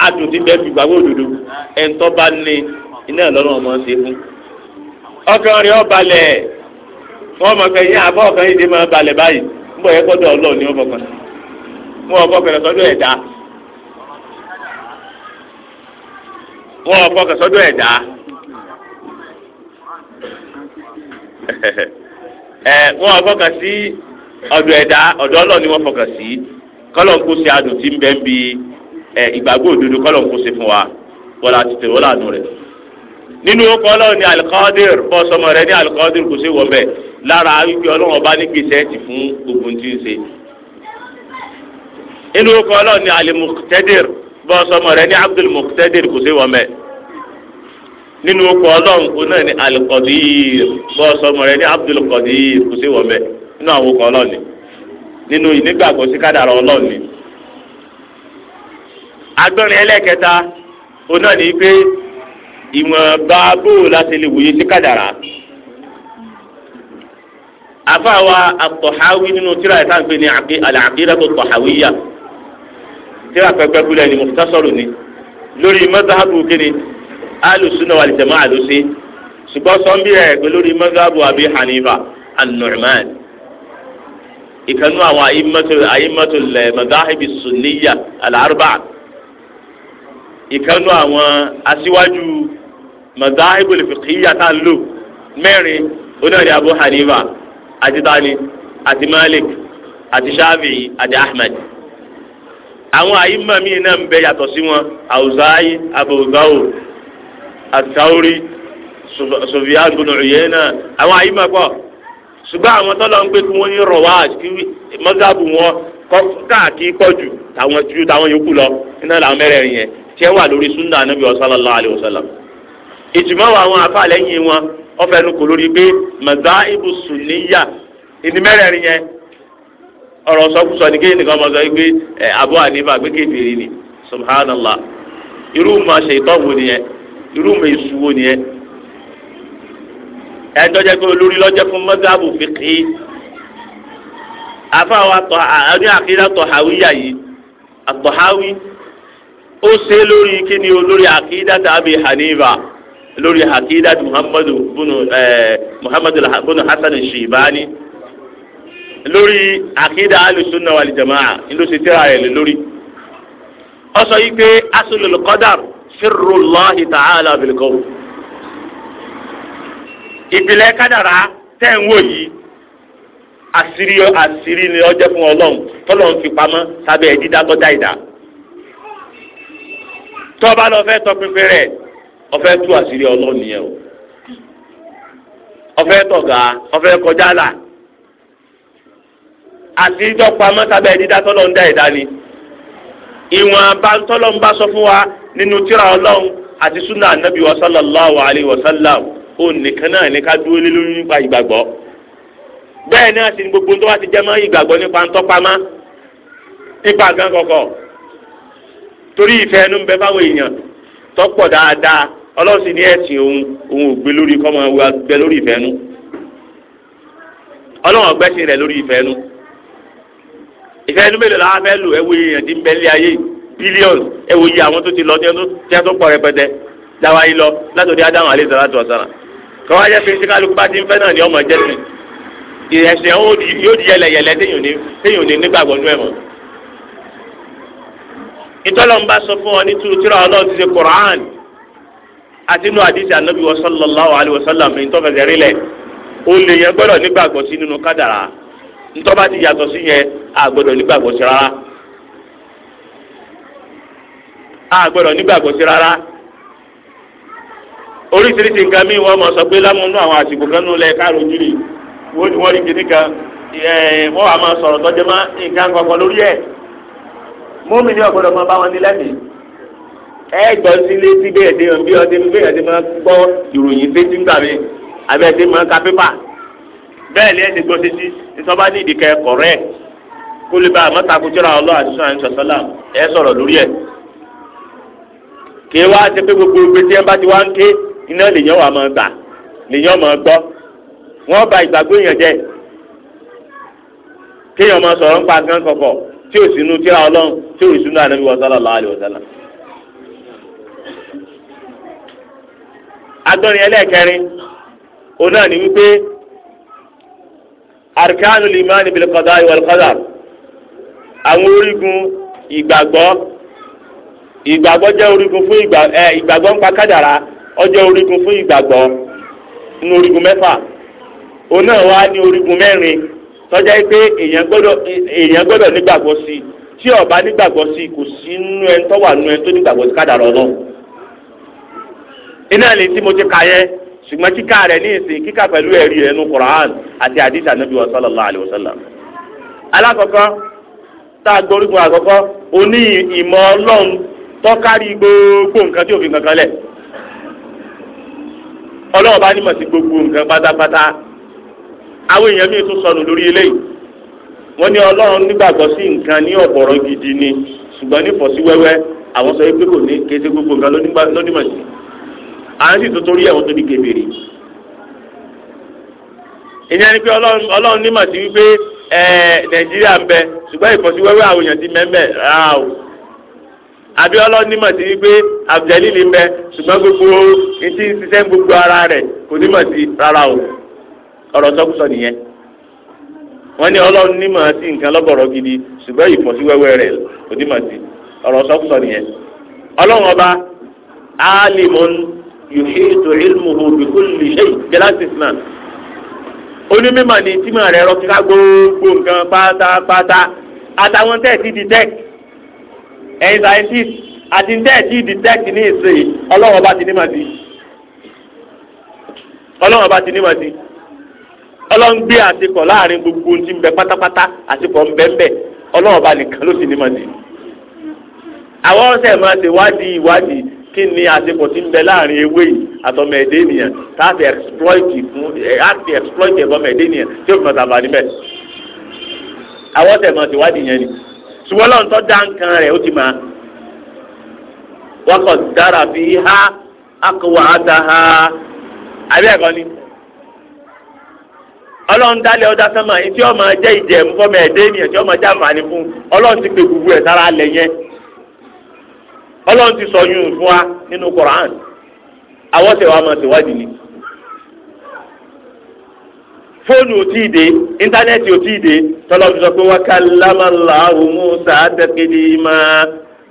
àtúntí bẹ́ẹ̀ fi gbàgbọ́ òdodo ẹ̀ńtọ́ bá ní iná ọmọ ṣe fún ọkàn ọba yín ọkàn yìí dé báyìí ń yẹ ní ọmọ kan ọkọ ẹ wọn fọkàn sí ọ̀dọ̀ ẹ̀dá ọ̀dọ̀ Ọlọ́run ni wọn fọkàn sí kọlọ ń kó ṣe adùn tí ń bẹ ń bi ẹ ìgbàgbọ́ òdodo kọlọ ń kó ṣe fún wa wọlé àti tèrè wọlé àánú rẹ nínú ọkọ Ọlọ́run ni alikọdir bọ sọmọ rẹ ní alikọdir kò ṣe wọ bẹ lára wípé Ọlọ́run ọba ní gbèsè ti fún gbogbo tí ń ṣe nínú ọkọ Ọlọ́run ni alimuktadir bọ sọmọ rẹ ní abdulmuktadir kò ṣe wọ bẹ nínú ọkọ Ọlọ́run kò náà ní alqadir bọ sọmọ rẹ ní Abdul Qadir kò sí wọn nínú àwọn ọkọ Ọlọ́run ni nínú ìnígbàgbọ́ sí kádàrá Ọlọ́run ni. agbọ́nrin ẹlẹ́kẹta ó náà ní pé ìwọ̀nba bóò láti lè wòye sí kádàrá. afáwa àtọ̀háwí nínú tíra ẹ̀ sáà ń pè ní al-aqidatu at-tahawiyya tíra pẹpẹ kúlẹ̀ ní mukhtasar ni lórí mọ́tàhàbù alùsùnà wal jamaa àlùsí ṣùgbọ́n sọ́nbí rẹ̀ pé lórí mọ́gàbù àbí hanifa an ìkànnú àwọn àyímọ́tò mọ́gàbù sùnìyà al-arba'a ìkànnú àwọn aṣíwájú mọ́gàbù fiqhiyya tá a lò mẹ́rin onáàdì abu hanifa àti tani àti malik àti shafi'i àti ahmed àwọn àyímọ́ mi náà ń bẹ yàtọ̀ sí wọn àwùzáyé abùgáwò. àtàwórí Sufyan bin Uyayna àwọn àyímọ̀ pọ̀ ṣùgbọ́n àwọn tọ́lọ ń pé kí wọ́n ní rọ̀wáàjì kí mọ́sáàbù wọn káàkiri pọ̀ jù táwọn ju táwọn yòókù lọ iná làwọn mẹ́rẹ̀ẹ̀rin yẹn tí wọ́n wà lórí sallallahu alayhi wa sallam ìtumọ̀ àwọn afa lẹ́yìn wọn ọfẹ́ nu kò lórí ni kéyìn nìkan ma ṣe irú mi ìṣúwò nìyẹn ẹjọ́ jẹ́ pé olórí lọ́jọ́ fún mọ́sáàbù fìkì afáwọn atọ ní àkídà tọ̀háwí yà yìí àtọ̀háwí ó ṣe lórí kíni olórí àkídà tàbí hanifa lórí àkídà muhammadu bunu ẹ muhammadu bunu hasan shibani lórí àkídà alùsùnà wàlìjàmáà ńlọsí tíra rẹ̀ lórí ó sọ yìí pé asulul qadar. sirrullahi ta'ala bilkaw ìpìlẹ̀ kádàrá tẹ̀ ń wò yìí àṣírí àṣírí ni ọjọ́ fún ọlọ́run tọ́lọ́run fi pamọ́ sábẹ́ dídá ìdá tọ́ba lọ fẹ́ tọpinpin rẹ̀ ọfẹ́ tú àṣírí ọlọ́run nìyẹn o tọ̀gá kọjá là àṣírí pamọ́ sábẹ́ tọ́lọ́run dá ìdá ni ìwọ̀n tọ́lọ́run bá sọ nínú tíra ọlọ́run àti súnà ànábì wa sallallahu alayhi wa sallam ó nìkan náà ní ká dúró lé lórí nípa ìgbàgbọ́ bẹ́ẹ̀ gbogbo tó wá ti jẹ́ mọ́ ìgbàgbọ́ nípa ntọ́pamá nípa nǹkan torí ìfẹ́ ẹnu ń bẹ fáwọn èèyàn tọ́pọ̀ dáadáa ọlọ́run sì ní ẹ̀sìn lórí kọ́mọ wa gbẹ lórí ìfẹ́ ẹnu ọlọ́run ọgbẹ́sìn rẹ̀ lórí ìfẹ́ ẹnu ìfẹ́ ẹnu mélòó bílíọ̀nù ẹ wò yí àwọn tó ti lọ tí wọ́n tó pọ̀ rẹpẹtẹ dáwà yìí lọ látòdì ádámù alẹ́ sọ̀rọ̀ àtọ̀sọ̀rọ̀ kọ́wá jẹ́ pé tíkálukú bá ti ń fẹ́ náà ni ọmọ jẹ́ sí ìrẹsẹ̀ yóò di yẹlẹyẹlẹ téèyàn ní nígbàgbọ́ nú ẹ̀ mọ́. ìtọ́lọ́mbà sọ fún ọ ní turutura ọlọ́run ti ṣe Kùránì àti inú àdìsí ànábì wa sallallahu alayhi wa sallam ní tọ́fẹsẹ̀ rí lẹ̀ o lè yẹn gbọ́dọ̀ nígbàgbọ́ sí nínú kádàrá ntọ́ba ti yàtọ̀ sí yẹn àgbọ́dọ̀ nígbàgbọ́ sí rárá a gbọ́dọ̀ nígbàgbọ́ sí rárá oríṣiríṣi nǹkan míì wọ́n mọ̀ sọ pé lámúnú àwọn àsìkò kan nù lẹ̀ káàró jírí wọ́n ní wọ́n rí kìnnì kan wọ́n wà máa sọ̀rọ̀ tọ́jú mọ́ nǹkan kankan lórí ẹ̀ mọ́mí ni ọ̀gbọ́dọ̀ máa bá wọn ní lẹ́mìí ẹ gbọ́ sí létí bẹ́ẹ̀ dé bí ọdẹ bẹ́ẹ̀ dé máa gbọ́ ìròyìn sétí ń gbàmí àbí ẹ̀ dé máa ka pépà bẹ́ẹ̀ ni ẹ̀ ti gbọ́ sétí ìsọba ní ìdíkẹ́ kọ̀rẹ́ kó lè bá àmọ́ta kó jọra ọlọ́ àdúrà ẹ̀ sọ̀rọ̀ lórí ẹ̀ kí wá ṣe gbogbo ogbe tí wọn bá ti wá ń ké wà máa gbà lèyàn máa wọn bà ìgbàgbọ́ èèyàn jẹ́ kéèyàn máa sọ̀rọ̀ ń pa gán kọ̀kọ̀ tí ò sínú tíra ọlọ́run tí ò sínú ànábi sallallahu alaihi wasallam. agbọ́nrin ẹlẹ́ẹ̀kẹrin òun náà ni wípé arkanu limani bil qada'i àwọn orígun ìgbàgbọ́ jẹ́ orígun fún ìgbà ẹ ìgbàgbọ́ ń pa kádàrá orígun fún ìgbàgbọ́ ní orígun mẹ́fà òun náà wá ní orígun mẹ́rin tó pé èèyàn gbọ́dọ̀ èèyàn gbọ́dọ̀ nígbàgbọ́ sí i tí ọba bá nígbàgbọ́ sí i kò sí nú ẹni tó wà nú ẹni tó nígbàgbọ́ sí kádàrá iná tí mo ti kà ṣùgbọ́n kíkà rẹ̀ ní ìsìn kíkà pẹ̀lú ẹ̀rí Qur'an àti a gbọ́ orígun àkọ́kọ́ tọ́kárí gbogbo nǹkan tí òfin kankan lẹ̀ ọlọ́ọ̀bá gbogbo nǹkan pátápátá àwọn èèyàn míì tún sọnù lórí eléyìí wọ́n ní ọlọ́run nígbàgbọ́ sí nǹkan ní gidi ni ṣùgbọ́n ní fọ̀sí wẹ́wẹ́ àwọn sọ ní kété gbogbo nǹkan lónímọ̀ sí àwọn sì tó torí ẹ̀wọ̀n tó ní kébèrè ìyẹn ni pé ọlọ́run nímọ̀ sí wípé Nàìjíríà ń bẹ ṣùgbọ́n ìfọ̀síwẹ́wẹ́ àwọn èèyàn ti mẹ́mẹ́ abiola onímọ̀ sí wípé abdulil ń bẹ ṣùgbọ́n gbogbo etí ṣiṣẹ́ gbogbo ara rẹ̀ kò nímọ̀ sí rárá o ọ̀rọ̀ sọ́kùsọ nìyẹn wọ́n ní ọlọ́run nímọ̀ sí nǹkan lọ́bọ̀rọ̀ gidi ṣùgbọ́n ìfọ̀síwẹ́wẹ́ rẹ̀ kò nímọ̀ sí ọ̀rọ̀ sọ́kùsọ nìyẹn ọlọ́run ọba alimun yuhitu ilmuhu bikulli shay galaxy man onímọ̀ ni tímọ̀ rẹ̀ rọ́ kíká gbogbo nǹkan pátápátá àtàwọn tẹ́ẹ̀ ti di tẹ́ẹ̀ ẹ̀yin scientist detect ní ìsìn yìí ọlọ́wọ́n bá ti ní gbogbo ohun tí ń bẹ pátápátá àtikọ̀ ń bẹ ń bẹ nìkan ló ti ní màdí. àwọn ọ̀sẹ̀ máa ṣe wádìí ìwádìí kí ni ti ń bẹ láàrin ewé yìí ẹ̀dẹ́ ènìyàn tá a exploit fún ẹ̀ á exploit ẹ̀dẹ́ ṣùgbọ́n lọ́n tọ́ nǹkan rẹ̀ ó ti máa dára bí ha akọwà ata ha àbí ẹ̀kọ́ ni ọlọ́run dálẹ̀ ọ̀dà sánmà jẹ́ ìjẹ́ fọmọ ẹ̀dẹ́ ènìyàn tí ọmọ jẹ́ àǹfààní fún ọlọ́run gbogbo ẹ̀ nínú Koran àwọn tẹ̀wá máa fóònù ò tíì dé íńtánẹ́ẹ̀tì ò tíì dé tọ́lọ́dù sọ pé wọ́n ká lámàlá òun Musa àdẹ́kẹ́dì máa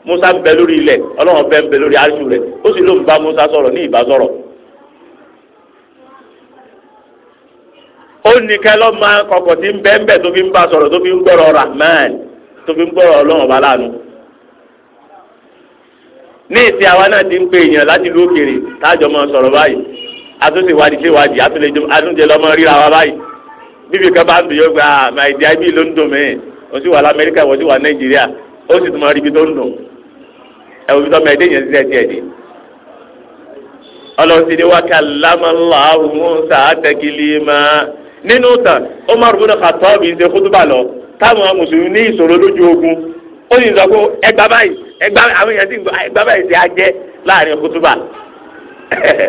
Musa ń bẹ lórí ilẹ̀ ọlọ́run bẹ́ẹ̀ ń bẹ lórí aṣọ rẹ̀ ó sì ló ń bá Musa sọ̀rọ̀ ní ìbá sọ̀rọ̀. ó nìkan lọ́ máa kọ̀kọ̀ tí ń bẹ́ ń bẹ̀ tó fi ń bá sọ̀rọ̀ tó fi ń gbọ́rọ̀ Rahman tó fi ń gbọ́rọ̀ ọlọ́run ọba láàánú. ní ìsìn àwa náà ti ń pe èèyàn láti ìlú òkèèrè táàjọ máa sọ̀rọ̀ báyìí àtúnṣe ìwádìí ṣèwádìí àtúnṣe lọ́mọ ríra wa báyìí bíbí kan bá ń dùn yóò gba ah, my dear ibi ló ń dùn mí o sì wà lamẹ́ríkà o sì wà nàìjíríà ó sì tún máa rí ibi tó ń dùn ẹ̀wọ̀n ibi tó máa déyìn sí ẹ̀jẹ̀ ni. ọlọ́sìn ni wà kàlámàláhù Mùsá tẹ̀kìlímà nínú tàn Umar bin Khattab ṣe kútúbà lọ táwọn mùsùlùmí ní ìṣòro lójú ogun ó sì sọ pé ẹgbà báyìí ẹgbà àwọn èèyàn sì ń gbọ́ ẹgbà báyìí ṣe á jẹ́ láàrin kútúbà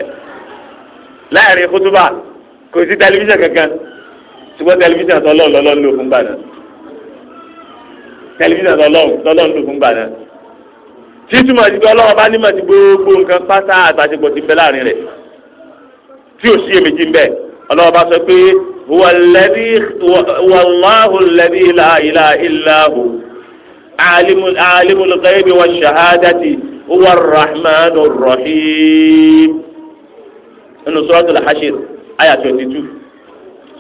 láàrin kútúbà kò sí tẹlifíṣàn kankan ṣùgbọ́n tẹlifíṣàn tọ́lọ́run lọ́lọ́run ló fún gbàdán tẹlifíṣàn tọ́lọ́run lọ́lọ́run ló fún gbàdán títúmọ̀ ti ọlọ́run bá nímọ̀ ti gbogbo nǹkan pátá àtàṣepọ̀ ti bẹ láàrin rẹ̀ tí ò sí èméjì ń bẹ ọlọ́run bá sọ pé wàlẹ́bí wàláhù lẹ́bí ìlàhìlà ìlàhù alimul ghaibi wa shahadati wa rahmanu rahim nínú suratul hashir ayat twenty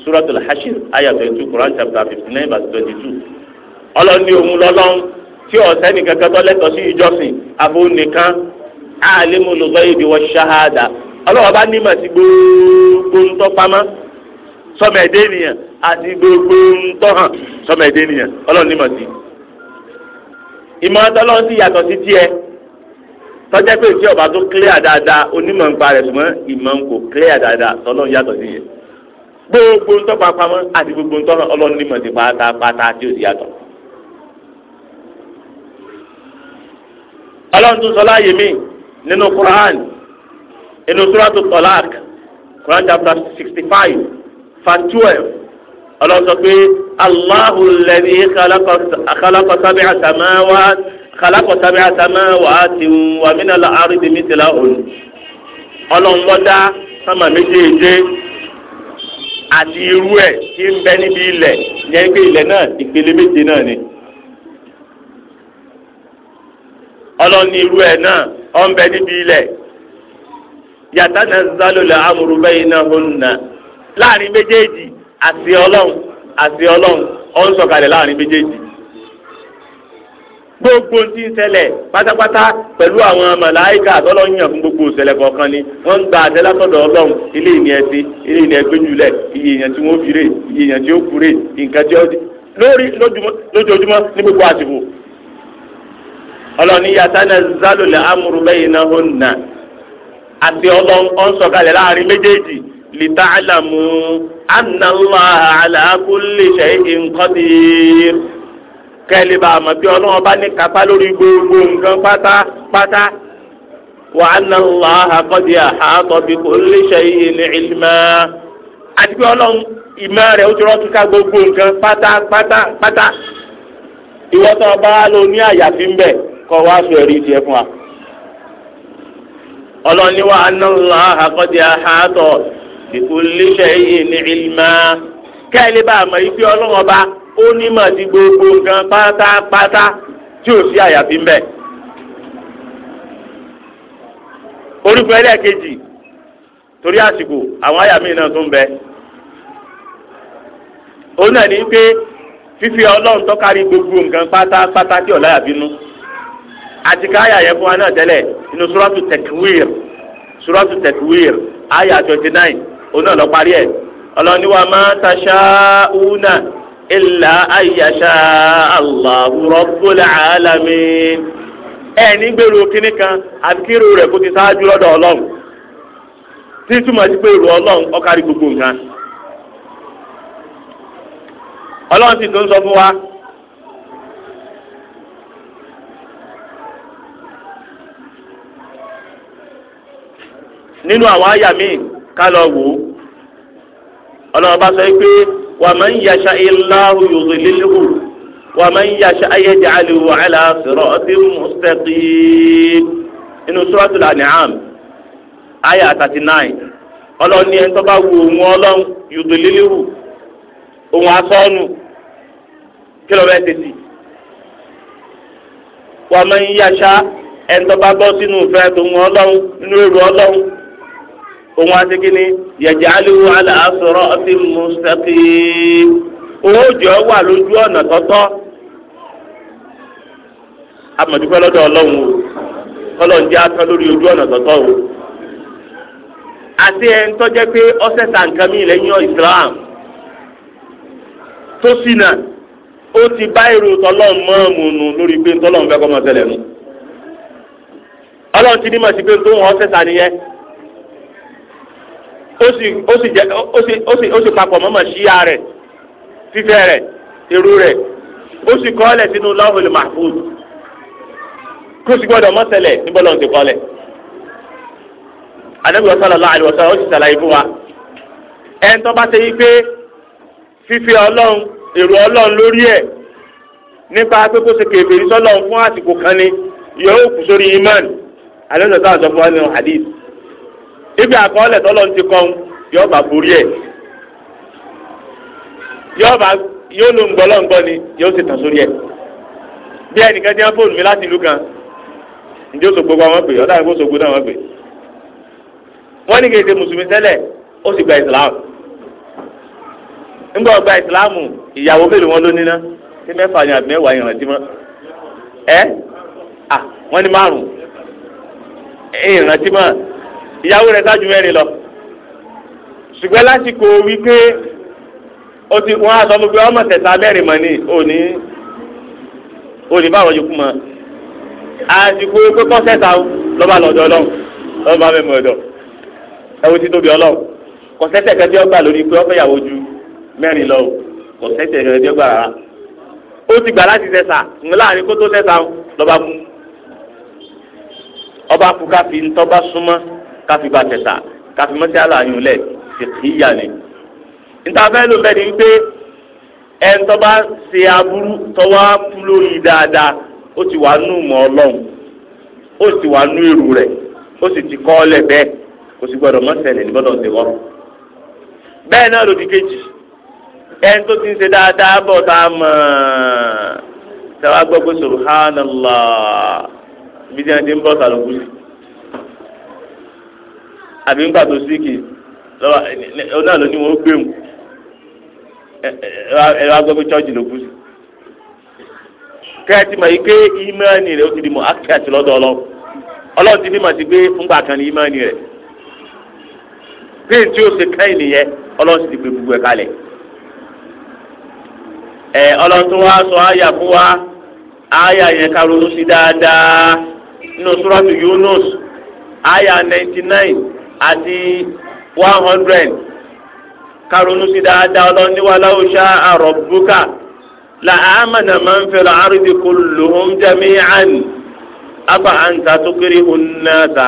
suratul hashir ayah twenty two quran chapter fifty nine verse twenty two ọlọ́ni òun lọ́lọ́run tí ọ̀sẹ́ nìkan kan tó lẹ́tọ̀ọ́ sí ìjọsìn àbò nìkan alimul ghaibi wa shahada ọlọ́wọ́ bá nímọ̀ sí gbogbo ńtọ́ pamọ́ sọmẹ̀dé nìyẹn àti gbogbo ńtọ́ hàn sọmẹ̀dé nìyẹn ọlọ́run nímọ̀ sí. ìmọ̀ ọtọ́lọ́run ti yàtọ̀ sí tiẹ̀ tọ́jẹ́ pé tí ọba tó clear dáadáa onímọ̀ ń pa rẹ̀ ṣùgbọ́n ìmọ̀ ń kò clear dáadáa tọ́lọ́run yàtọ̀ sí yẹn gbogbo ntọ́ papamọ́ àti gbogbo ntọ́ ọlọ́run ní mọ̀tì pátápátá tí ó sì yàtọ̀. ọlọ́run tún sọ láàyè mí nínú Quran inú suratu Talaq Quran chapter sixty five verse twelve ọlọ́run sọ pé Allahu alladhi khalaqa sab'a samawat khalaqa sab'a samawatin wa mina al-ardi mithlahun ọlọ́run ló dá sámà méjèèjì. àti irú ẹ̀ tí ń bẹ níbi ilẹ̀ yẹn pé ilẹ̀ náà ìpele méje náà ni. ọlọ́ni irú ẹ̀ náà ó ń bẹ níbi ilẹ̀ yatanazzalu al-amru baynahunna láàrin méjèèjì àti ọlọ́run àti ọlọ́run ó ń sọ̀kalẹ̀ láàrin méjèèjì. gbogbo tí ń ṣẹlẹ̀ pátápátá pẹ̀lú àwọn màláìka àtọ́lọ́ yàn fún gbogbo ìṣẹ̀lẹ̀ kọ̀ọ̀kan ni wọ́n ń gba àtẹ́lásọ̀dọ̀ ọlọ́run ilé ìní ẹsẹ̀ ilé ìní ẹgbẹ́ jùlẹ iye èèyàn tí wọ́n fi rè iye èèyàn tí ó kú rè nǹkan tí ó di lórí ní gbogbo àsìkò. náà nà àti ń láàrin méjèèjì kẹ́lẹ́ bá a mọ̀ pé ọlọ́run bá ní kápá lórí gbogbo nǹkan pátápátá wa anna Allaha qad ahata bi kulli ilma àti pé ọlọ́run ìmọ̀ rẹ̀ ti gbogbo nǹkan pátápátá ìwọ tó bá lò ní àyàfi ń bẹ̀ kọ́ wá sọ ẹ̀rí tiẹ̀ fún wa. ọlọ́run ní wa anna Allaha ilma kẹ́lẹ́ bá mọ̀ ó ní mà ti gbogbo nǹkan pátápátá tí ò sí àyàfi ń bẹ. orúkọ ẹlẹ́ẹ̀kejì torí àsìkò àwọn àyà míì náà tó ń bẹ. òun náà ní pé fífi ọlọ́run tọ́kárí gbogbo nǹkan pátápátá tí ọ̀la àyàfi nú. àti káyà yẹn fún wa náà tẹ́lẹ̀ inú sùrọ́tù tẹ̀kíwìr sùrọ́tù tẹ̀kíwìr àyà twenty nine òun náà lọ parí ẹ̀ ọlọ́niwàmá tàṣà ùnà. ilà ayàṣà Allahu Rabbul Alamin ẹni gbèrò kínní kan àti kí irú rẹ̀ kó ti sáájú lọ́dọ̀ ọlọ́run tí túmọ̀ sí pé èrò ọlọ́run ó gbogbo nǹkan ọlọ́run sì tó ń sọ fún wa. nínú àwọn àyà míì ká lọ wò ó bá ومن يشاء الله يضلله ومن يشاء يجعله على صراط مستقيم inú suratul an'am aya thirty nine ọlọ́ni ẹni tó bá wu òun ọlọ́run yudulilihu òun asọ́nu kí ló bẹ́ẹ̀ tètè wa ya yasha ẹni tó bá bọ́ sínú ìfẹ́ òun á ti kí ni ọtí mùsàkì owó jọ wà lójú ọ̀nà tọ́tọ́ amadukẹ́ lọ́dọ̀ ọlọ́run o kọ́lọ́n jẹ́ atọ lórí ojú ọ̀nà tọ́tọ́ o àti ẹni tọ́jẹ́ pé ọ̀sẹ̀ tàǹkà mi lẹ́yìn Islam tó sì náà ó ti bá èrò tọ́lọ́n mọ́ọ̀mù nù lórí pé tọ́lọ́n fẹ́ kọ́ mọ́ ọlọ́run ti ní màsí pé ọ̀sẹ̀ ó sì ó sì jẹ ó sì ó sì ó sì papọ̀ mọ́mọ́ ṣíya rẹ̀ fífẹ́ rẹ̀ irú rẹ̀ ó sì kọ́lẹ̀ sínú lawhul mahfuz kó sì gbọ́dọ̀ mọ́tẹ́lẹ̀ níbo lọ́n ti kọ́lẹ̀ Ànábì sallallahu alaihi wasallam ó sì sàlàyé fún wa ẹn tó bá ṣe yí pé fífi ọlọ́run èrò ọlọ́run lórí ẹ̀ nípa pé kó ṣe kèfèrí sọ́lọ́run fún àsìkò kan ni yóò kù sórí imán Ànábì sallallahu alaihi wasallam ibi àkọọ́lẹ̀ tọ́lọ́ ti kọ́ yóò bá borí ẹ̀ yóò bá yóò lo ńgbọ́lọ́ngbọ́ ni yóò sì tàn sórí ẹ̀ bí ẹnìkan jẹ́ fóònù mi láti ìlú kan ǹjẹ́ Òṣogbo wa wọ́n pè ọ̀dà ìgbó Òṣogbo náà wọ́n pè wọ́n ní kéde mùsùlùmí tẹ́lẹ̀ ó sì gba ìsìláàmù ńgbà ọgbà ìsìláàmù ìyàwó mélòó wọn ló níná ṣé mẹ́fà ni àbí mẹ́wàá ìrántí mọ́ ẹ́ à wọ́n ní márùn-ún ìrántí mọ́ ìyàwó rẹ̀ sáájú mẹ́rin lọ ṣùgbọ́n lásìkò wípé ó ti wọ́n á sọ fún pé ọmọ tẹ̀sà mẹ́rin mọ̀ ní òní òní báwọn yòókù mọ́ àsìkò pé kọ́sẹ̀sà lọ́ba lọ́dọ̀ ọlọ́run lọ́ba mẹ́mọ́ ọ̀dọ̀ ẹ̀wọ́n ti tóbi ọlọ́run kọ́sẹ̀sẹ̀ kẹ́tí ọgbà lórí pé ọfẹ́ ìyàwó ju mẹ́rin lọ kọ́sẹ̀sẹ̀ kẹ́tí ọgbà rárá ó ti gbà láti tẹ̀sà ń láàrin kó tó lọ́ba kú ọba kú fi ń tọ́ súnmọ́ káfí gba kẹta káfí mọ́sálà yún lẹ̀ fìkìyà ni. níta fẹ́ ló bẹ́ẹ̀ ni wípé ẹni tó bá ṣe aburú tó wá kú lórí dáadáa ó ti wà nù mọ́ ọlọ́run ó sì wà nù èrò rẹ̀ ó sì ti kọ́ ọ́lẹ̀ bẹ́ẹ̀ kò sì gbọ́dọ̀ mọ́sẹ̀lẹ̀ ní gbọ́dọ̀ ṣe wọ́n. bẹ́ẹ̀ náà lòdì kejì ẹni tó ti ń ṣe dáadáa bọ̀ tá a mọ̀ ṣe wá gbọ́ pé subhanallah bí àbí ńgbà tó síkì lọ́wọ́ náà ló ní wọn ó gbé mu ẹ wá gbọ́ pé chọ́ọ̀jì ló kú sí. kẹ́ẹ̀tì mọ̀ yìí pé ìmọ̀ọ́nì rẹ̀ ó ti di mọ̀ lọ́dọ̀ ọlọ́run ti ní gbé fúngbà kan ní ìmọ̀ọ́nì rẹ̀ tí ó ṣe kẹ́yìn nìyẹn ọlọ́run gbogbo ẹ̀ kalẹ̀. ẹ ọlọ́run tó wá sọ àyà fún wa àyà yẹn ká ronú sí dáadáa nínú àti one hundred karonu sí dáadáa ọlọ́run ní walau sha'a rabbuka la amana man fil ardi kulluhum jami'an afa anta tukrihun nasa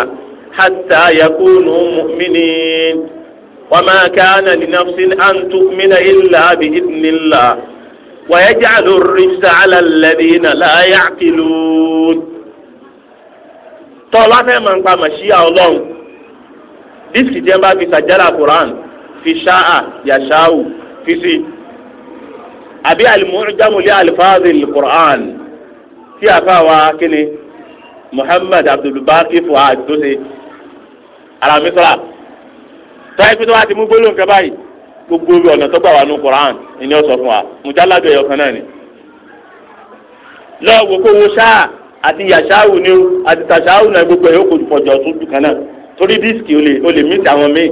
hatta yakunu mu'minin wa ma kana li nafsin an tu'mina illa bi idhnillah wa yaj'alu rijsa 'ala alladhina la ya'qilun tọ́lá fẹ́ máa ń pa màṣíyà ọlọ́run dísìkì tí wọ́n bá fi sàjálà Quran fi ṣáà yàṣáwù fi sí àbí alimujamuli alifazil Quran tí a fà wá kíni Muhammad Abdulbaki Fuad tó ṣe alamisra tọ́yẹ́ pé tó wá ti mú gbólóhùn kẹ́ báyìí gbogbo orí ọ̀nà tó gbà wà ní Quran ìní ọ̀sọ̀ fún wa mujalladu ẹ̀yọ̀ kan náà ni. lọ́ọ̀ wò wo ṣáà àti yàṣáwù ni o àti tàṣáwù náà gbogbo ẹ̀yọ́ kò fọ̀jọ̀ tó dùn kan náà torí dísìkì ó lè mí àwọn míì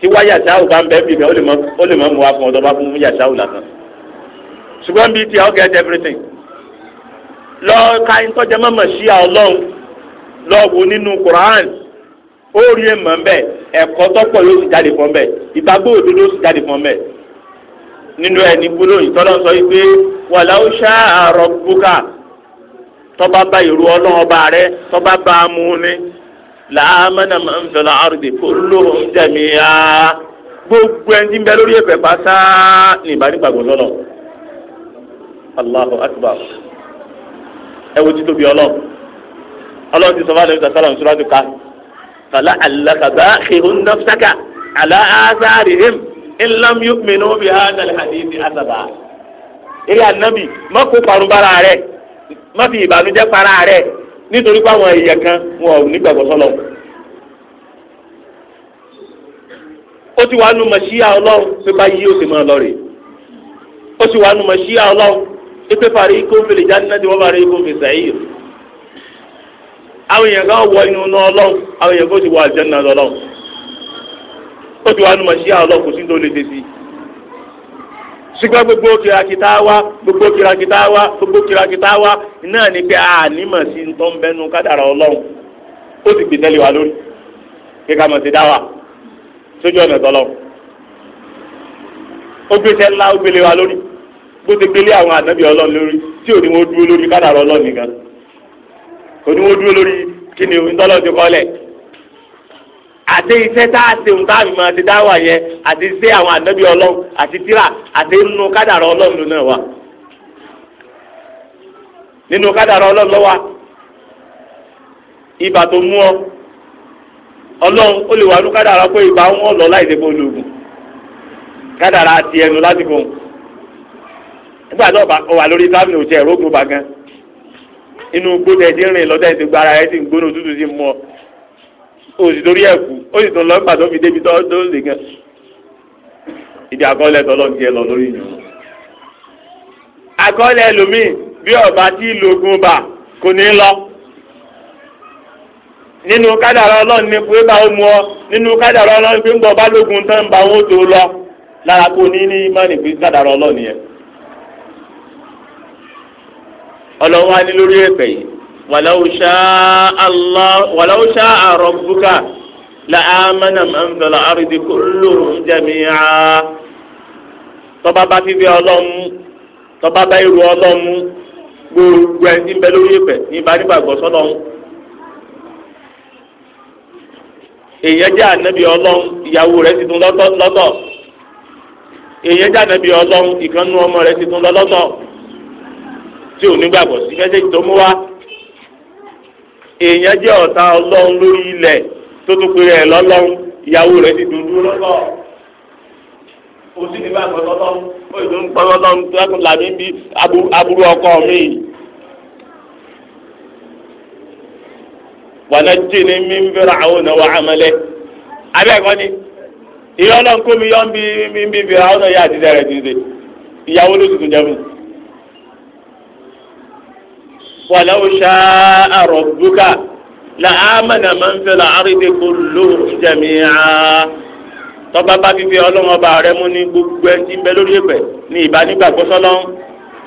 tí wá yàtsáwò bá ń bẹ́ẹ̀ bì bẹ́ẹ̀ ó lè mọ mu wa fún ọ̀dọ́ bá fún yàtsáwò lásán ṣùgbọ́n bíi ti all get everything lọ ka ìtọ́jà mọ́mọ́ sí ọlọ́run lọ wo nínú Quran ó rí èèmọ̀ bẹ́ẹ̀ ẹ̀kọ́ tọ́pọ̀ yóò sì jáde fún bẹ́ẹ̀ ìgbàgbọ́ òdodo yóò sì jáde fún bẹ́ẹ̀ nínú ẹni gbólóyìn tọ́lọ́ sọ wípé walau sha'a rabbuka tọ́ba bá ìrú ọlọ́run ọba rẹ tọ́ba bá a mú ni làámánà máa ń fẹlẹ àrùdè kulluhum jami'a gbogbo ẹni tí ń bẹ lórí ẹ̀fẹ̀ pátá ní ìbánigbàgbọ́ lọ́nà Allahu akbar ẹ wo títóbi Ọlọ́run Ọlọ́run ti sọ fún àdéhùn sàlám sùràtù ká fàlà àlàkàbà ìhùn nafsaka àlà àzàrìhìm ńlám yu'minu bí hàdà hadithi àtàbà eré ànábì má kó parun bára rẹ má fi ìbànújẹ́ para rẹ nítorí pé àwọn ẹ̀yà kan wọn ò nígbàgbọ́ sọ́lọ́ ó ti wà nù mọ̀ṣíà ọlọ́run pé bá yí ó ti máa lọ rè ó ti wà nù mọ̀ṣíà ọlọ́run pé fàrí kó ń fèlè jáde náà ti wọ́n fàrí kó ń fèlè sẹ́yìn àwọn èèyàn kan wọ inú náà ọlọ́run àwọn èèyàn kó ti wọ àjẹ́ náà lọ́lọ́run ó ti wà nù mọ̀ṣíà ọlọ́run kò sí ní tó lè ṣe ṣùgbọ́n gbogbo kìràkìtà wa gbogbo kìràkìtà wa gbogbo kìràkìtà wa náà ni pé ànímọ̀ sí ń tọ́ ń bẹnu kádàrà ọlọ́run ó sì gbé tẹ́lẹ̀ wa lórí kíkà mọ̀ sí dá wa sójú ọ̀nà tọ́lọ́ ó gbéṣẹ́ ńlá ó gbélé wa lórí bó ti gbélé àwọn ànábì ọlọ́run lórí tí ò ní wọ́n dúró lórí kádàrà ọlọ́run nìkan kò ní wọ́n dúró lórí kí ni ìtọ́lọ́ ti kọ́lẹ̀ àti iṣẹ́ tá a ṣe nǹkan ti dá yẹn àti iṣẹ́ àwọn ànábì ọlọ́run àti tíra àti nínú kádàrá ọlọ́run náà wà nínú kádàrá ọlọ́run lọ́wọ́ ibà tó mú ọ ọlọ́run ó lè wà ní pé ibà ń wọ́n lọ ẹnu láti fún un nígbà tó o wà lórí tábìlì òjẹ́ ìrógùn bàgán inú gbódẹ̀ o sì torí ẹ̀ kú lọ gbà fi débi tó tó lè gẹ ìdí àkọọ́lẹ̀ tọ́lọ́n tiẹ̀ lọ lórí yìí. àkọọ́lẹ̀ ẹlòmíì bí ọba tí bà kò lọ nínú kádàrá ọlọ́run ní pé bá ó mu ọ nínú kádàrá ọlọ́run pé ń bọ̀ bá lógun tán ń lọ lára kó ní ní mọ́nì pé kádàrá ọlọ́run yẹn. ọlọ́run ní ولو شاء الله ولو شاء ربك لآمن من في الأرض كلهم جميعا tọba bá fífi ọlọ́mú tọba bá irú ọlọ́mú gbogbo ẹ̀ ń bẹ lórí ìpẹ́ ní ìbánigbàgbọ́ sọ́lọ́mú. èèyàn jẹ́ ànábì ọlọ́mú ìyàwó rẹ̀ ti tún lọ́tọ̀ èèyàn jẹ́ ànábì ọlọ́mú ìkànnú ọmọ rẹ̀ ti tún lọ́tọ̀ tí ò ní sí mẹ́sẹ̀jì tó mú wá. èèyàn jẹ ọ̀tá ọlọ́run lórí ilẹ̀ tó tó péré lọ́lọ́run ìyàwó rẹ ti dùn dúró òsì ní bá gbọ́dọ̀ lọ́run ń gbọ́dọ̀ lọ́run tó bí aburú ọkọ mi. wàlá jìnnì mi ń fẹ́ràn àwọn ni mi bí mi ń bí fẹ́ràn àwọn ìyàwó ló jẹ́ ولو شاء ربك لآمن من في الأرض كلهم جميعا tọ́ba bá fífi ọlọ́run ọba rẹ mú ní gbogbo ẹ ti ń bẹ lórí ẹ̀pẹ̀ ní ìbánigbàgbọ́ sọ́lọ́run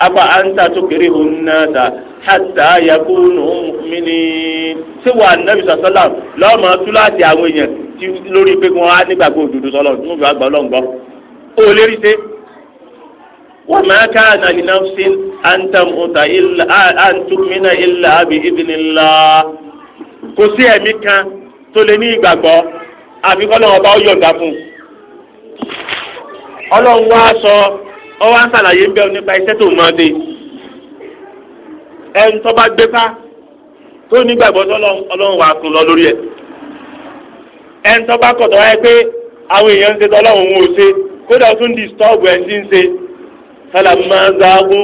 apá àǹtà tó kéré òun náà ta hatta yakunu mu'minin ṣé wà nàbì sọ́sọ́lá lọ́mọ túláàsì àwọn èèyàn lórí pé wọ́n á nígbàgbọ́ òdodo sọ́lọ́run tí gbọ́ ọlọ́run ó lérí ṣe wa ma kana li nafsin an tamuta illa an tu'mina illa bi idhnillah kò sí ẹ̀mí kan tó lè ní ìgbàgbọ́ àfi kọ́ lọ́wọ́ bá ó yọ̀ǹda fún un ọlọ́run wá sọ ọ wá ń sàlàyé ń bẹ́ ọ nípa iṣẹ́ tó máa dé ẹni tó bá gbé pa tó nígbàgbọ́ sọlọ́run ọlọ́run wà kún lọ lórí ẹ̀ ẹni tó bá kọ̀ tó wáyé pé àwọn èèyàn ń ṣe tọ́lọ́run òun ò ṣe kódà ó tún disturb ẹ̀ ń ń ṣe falamma zaagu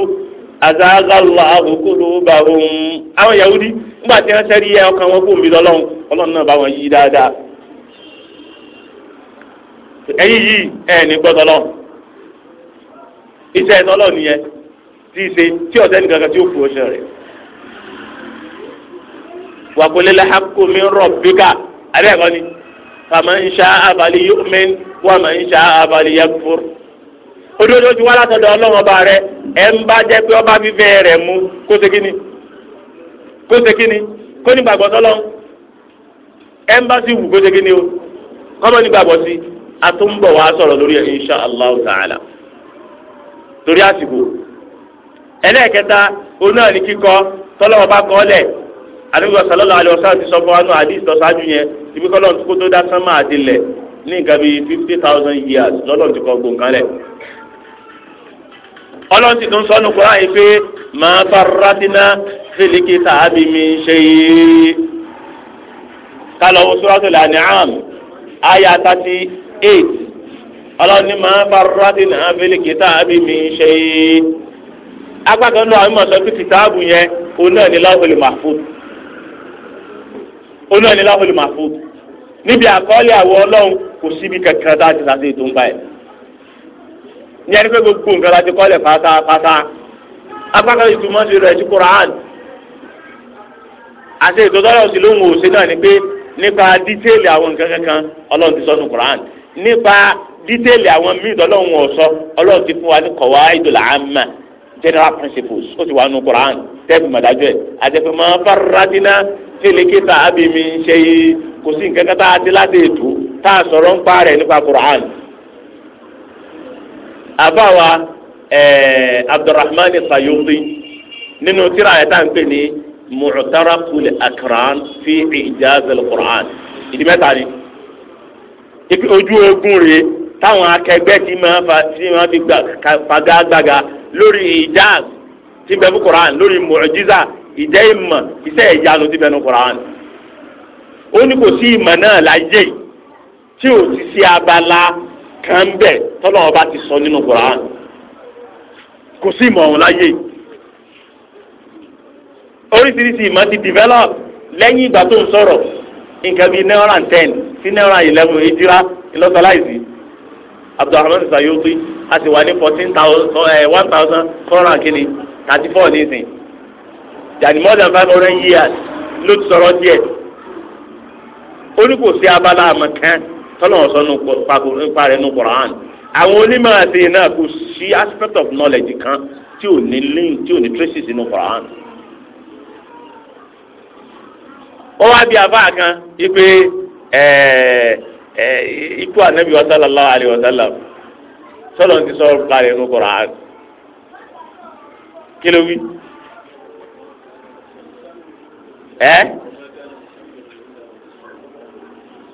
azaaga Allahu qulubahum àwọn yahudi nígbà tí wọ́n sẹ́rí ẹ ọkàn wọn kó mi lọ́lọ́run ọlọ́run náà bá wọn yí dáadáa ẹ̀yìn yìí ẹ̀ ní gbọ́dọ̀ lọ iṣẹ́ ìtọ́lọ̀ nìyẹn tí ṣe tí ọ̀sẹ̀ nìkan kan tí ó fò ṣe rẹ̀ wa qulil haqqu min rabbika àbẹ́ẹ̀kọ́ ni faman sha'a falyu'min wa man sha'a falyakfur. òdodo ti wá látọ̀dọ̀ ọlọ́run ọba rẹ ẹ̀ ń bá jẹ́ pé ọba fífẹ́ rẹ̀ mú kó ṣe kíni kó ṣe kíni kó ní gbàgbọ́ sọ́lọ́ ń bá wù kó kíni o kọ́mọ́ ní gbàgbọ́ sí a tó ń bọ̀ wá sọ̀rọ̀ lórí ẹ̀ insha allah ta'ala torí àsìkò ẹlẹ́ẹ̀kẹta òun náà ní kíkọ tọ́lọ́wọ́ bá kọ́ lẹ̀ àdúgbò sọlọ́lọ́ alẹ́ ọ̀sán ti sọ fún wa nù yẹn ibi kọ́lọ́ọ̀ tó dá sánmà àdìlẹ̀ ní nǹkan bíi fifty thousand years lọ́lọ́ọ̀ ti kọ́ gbòǹkan lẹ̀ ọlọ́run ti tún sọ́nu kúrò àyè pé máa bá rádínà fìlíkì tàbí mi ṣe yìí. kálọ̀ wọ Suratul An'am àyà thirty eight ọlọ́run ní máa bá rádínà fìlíkì tàbí mi ṣe yìí. agbákan náà àwọn ìmọ̀sán tó ti táàbù yẹn òun náà ní Lawhul Mahfuz òun náà ní Lawhul Mahfuz níbi àkọọ́lẹ̀ àwọ̀ ọlọ́run kò síbi kankan tá a ti ń báyìí ní ẹni pé gbogbo nǹkan láti kọ́lẹ̀ pátápátá apákan ìtumọ̀ sí rẹ̀ sí Quran àti ìtọ́tọ́lọ́ sí lóhùn òsè náà ni pé nípa dítẹ́ẹ̀lì àwọn nǹkan kankan ọlọ́run ti sọ ní Quran nípa dítẹ́ẹ̀lì àwọn míì tọ́lọ́run ọ̀sọ́ ọlọ́run ti fún wa ní qawaidul amma general principles ó ti wà nù Quran tẹ́ẹ̀bù mọ̀dájọ́ ẹ̀ àtẹ̀fẹ́ máa farradina tẹ̀lékẹ́ta àbí mi ṣe kò sí nǹkan kan tá a Quran àbáwa abdulrahman sayuti nínú tíra ẹ̀ tá à ń pè ní mu'tarakul akran fi ijaz al-Qur'an ìdí mẹ́ta ni ojú ogun rèé táwọn akẹgbẹ́ ti máa fa ti máa fi fagagbága lórí ijaz ti bẹ fún Qur'an lórí mu'jiza ìjẹ́ ìmọ̀ iṣẹ́ ìyanu ti bẹ fún Qur'an ó ní kò sí ìmọ̀ náà láyé tí ò ti sí abala kan bẹ̀ tọ́lọ́ ọba ti sọ nínú Quran kò sí ìmọ̀ ọ̀hún láyé oríṣiríṣi ìmọ̀ ti develop lẹ́yìn ìgbà tó ń sọ̀rọ̀ nǹkan bíi náírà ten sí náírà eleven ìjírá ìlọ́sọ̀láìsì Abdulrahman Sayuti a sì wà ní fourteen thousand eh, one thousand four hundred and kini thirty four nísìn yàtí more than five hundred years ló ti sọ̀rọ̀ díẹ̀ ó ní abala àmọ̀ kan. tọ́lọ́wọ́n sọ nípa rẹ̀ ní Quran àwọn onímọ̀ àti iná kò sí aspect of knowledge kan tí ò ní link tí ò ní traces nínú Quran. ó wá bí afá kan ipe ikú anabi wa sallallahu alayhi wa sallam sọlọ ti sọ nípa rẹ̀ ní Quran kí ló wí. eh?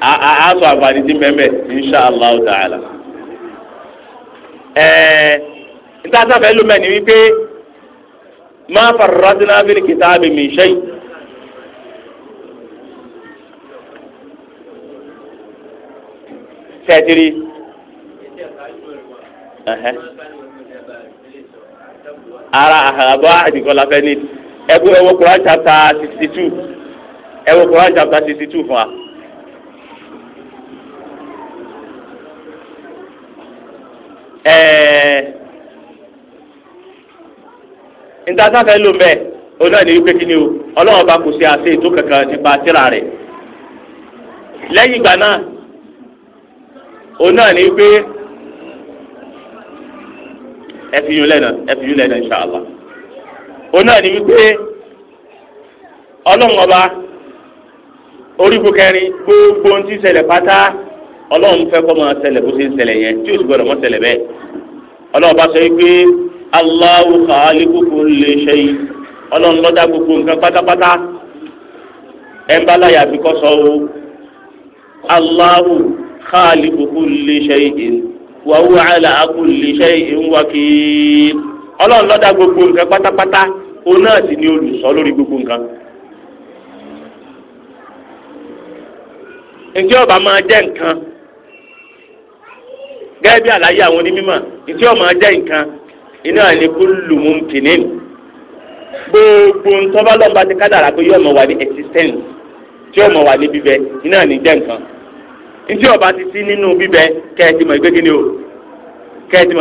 a sọ àǹfààní tí insha allahu ta'ala. ẹ̀ẹ́ níta sáfẹ́ ló mẹ́ni wípé ma farradna fil kitabi min shay. tẹ́tìrì. ara àhàbọ̀ àdìgọ́lá fẹ́ ní ẹgbẹ́ ẹwọ́ Quran chapter sixty two ẹwọ́ Quran chapter sixty ẹ̀ẹ́ lombe ló mẹ́ wípé kí o ọlọ́wọ́n bá kò ṣe àṣẹ ètò kankan nípa tírà rẹ̀ lẹ́yìn ìgbà náà wípé ẹfiyun lẹ́nà ẹfiyun lẹ́nà ọba gbogbo pátá. ọlọ́run fẹ́ kọ́ máa ṣẹlẹ̀ bó ṣe ń yẹn tí o sì gbọ́dọ̀ mọ́ bẹ́ẹ̀ ọlọ́run bá sọ yìí pé Allahu khaliqu kulli ọlọ́run gbogbo nǹkan pátápátá ẹ̀ fi kọ́ sọ o wa ọlọ́run gbogbo nǹkan pátápátá náà sì gbogbo nǹkan. ǹjẹ́ ọba máa jẹ́ gẹ́gẹ́ bí àlàyé àwọn onímọ̀ ìtí ọmọ jẹ́ nǹkan iná ní nke mumkinin gbogbo ntọ́ba lọ́ba ti kádàrà pé yóò mọ̀ wà ní existence tí ọmọ wà ní bíbẹ iná ní jẹ́ nǹkan ntí ọba ti sí nínú bíbẹ kẹ́ẹ̀tì mọ̀ ni mọ̀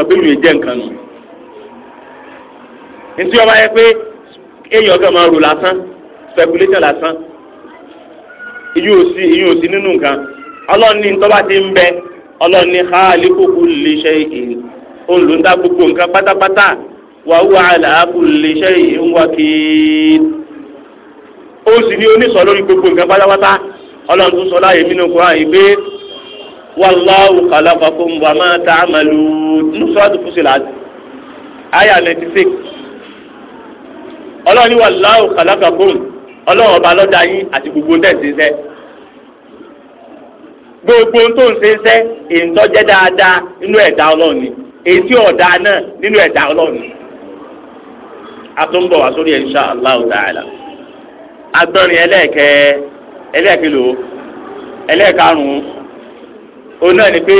pé yóò jẹ́ nǹkan nù ntí ọba yẹ pé máa rò lásán speculation lásán nínú nǹkan ọlọ́ọ̀ni ntọ́ba ti ń ọlọ́run ní khaliqu kulli shay'in olùdá gbogbo nǹkan pátápátá wa huwa ala kulli shay'in wakil ó sì ní onísọ lórí gbogbo nǹkan pátápátá ọlọ́run tún sọ láàyè nínú Kùránì àyè pé wallahu khalaqakum wa ma ta'malun nínú sọ́ọ́dù Fusilat àyà 96 ọlọ́run ní wallahu khalaqakum ọlọ́run ọba ló yín àti gbogbo tẹ̀síṣẹ́ gbogbo tó ń ṣiṣẹ́ ìtọ́jẹ́ dáadáa nínú ẹ̀dá ọlọ́run ni èsì ọ̀dà náà nínú ẹ̀dá ọlọ́run ni. a tó ń bọ̀ sórí ẹ̀ insha agbọ́nrin ẹlẹ́ẹ̀kẹ́ ẹlẹ́ẹ̀kìlò ún òun náà ni pé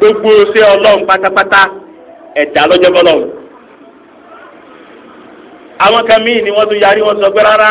gbogbo ṣé ọlọ́run pátápátá ẹ̀dá lọ́jọ́ bọ́lọ́run. àwọn kan míì ni wọ́n tún yarí wọn sọ pé rárá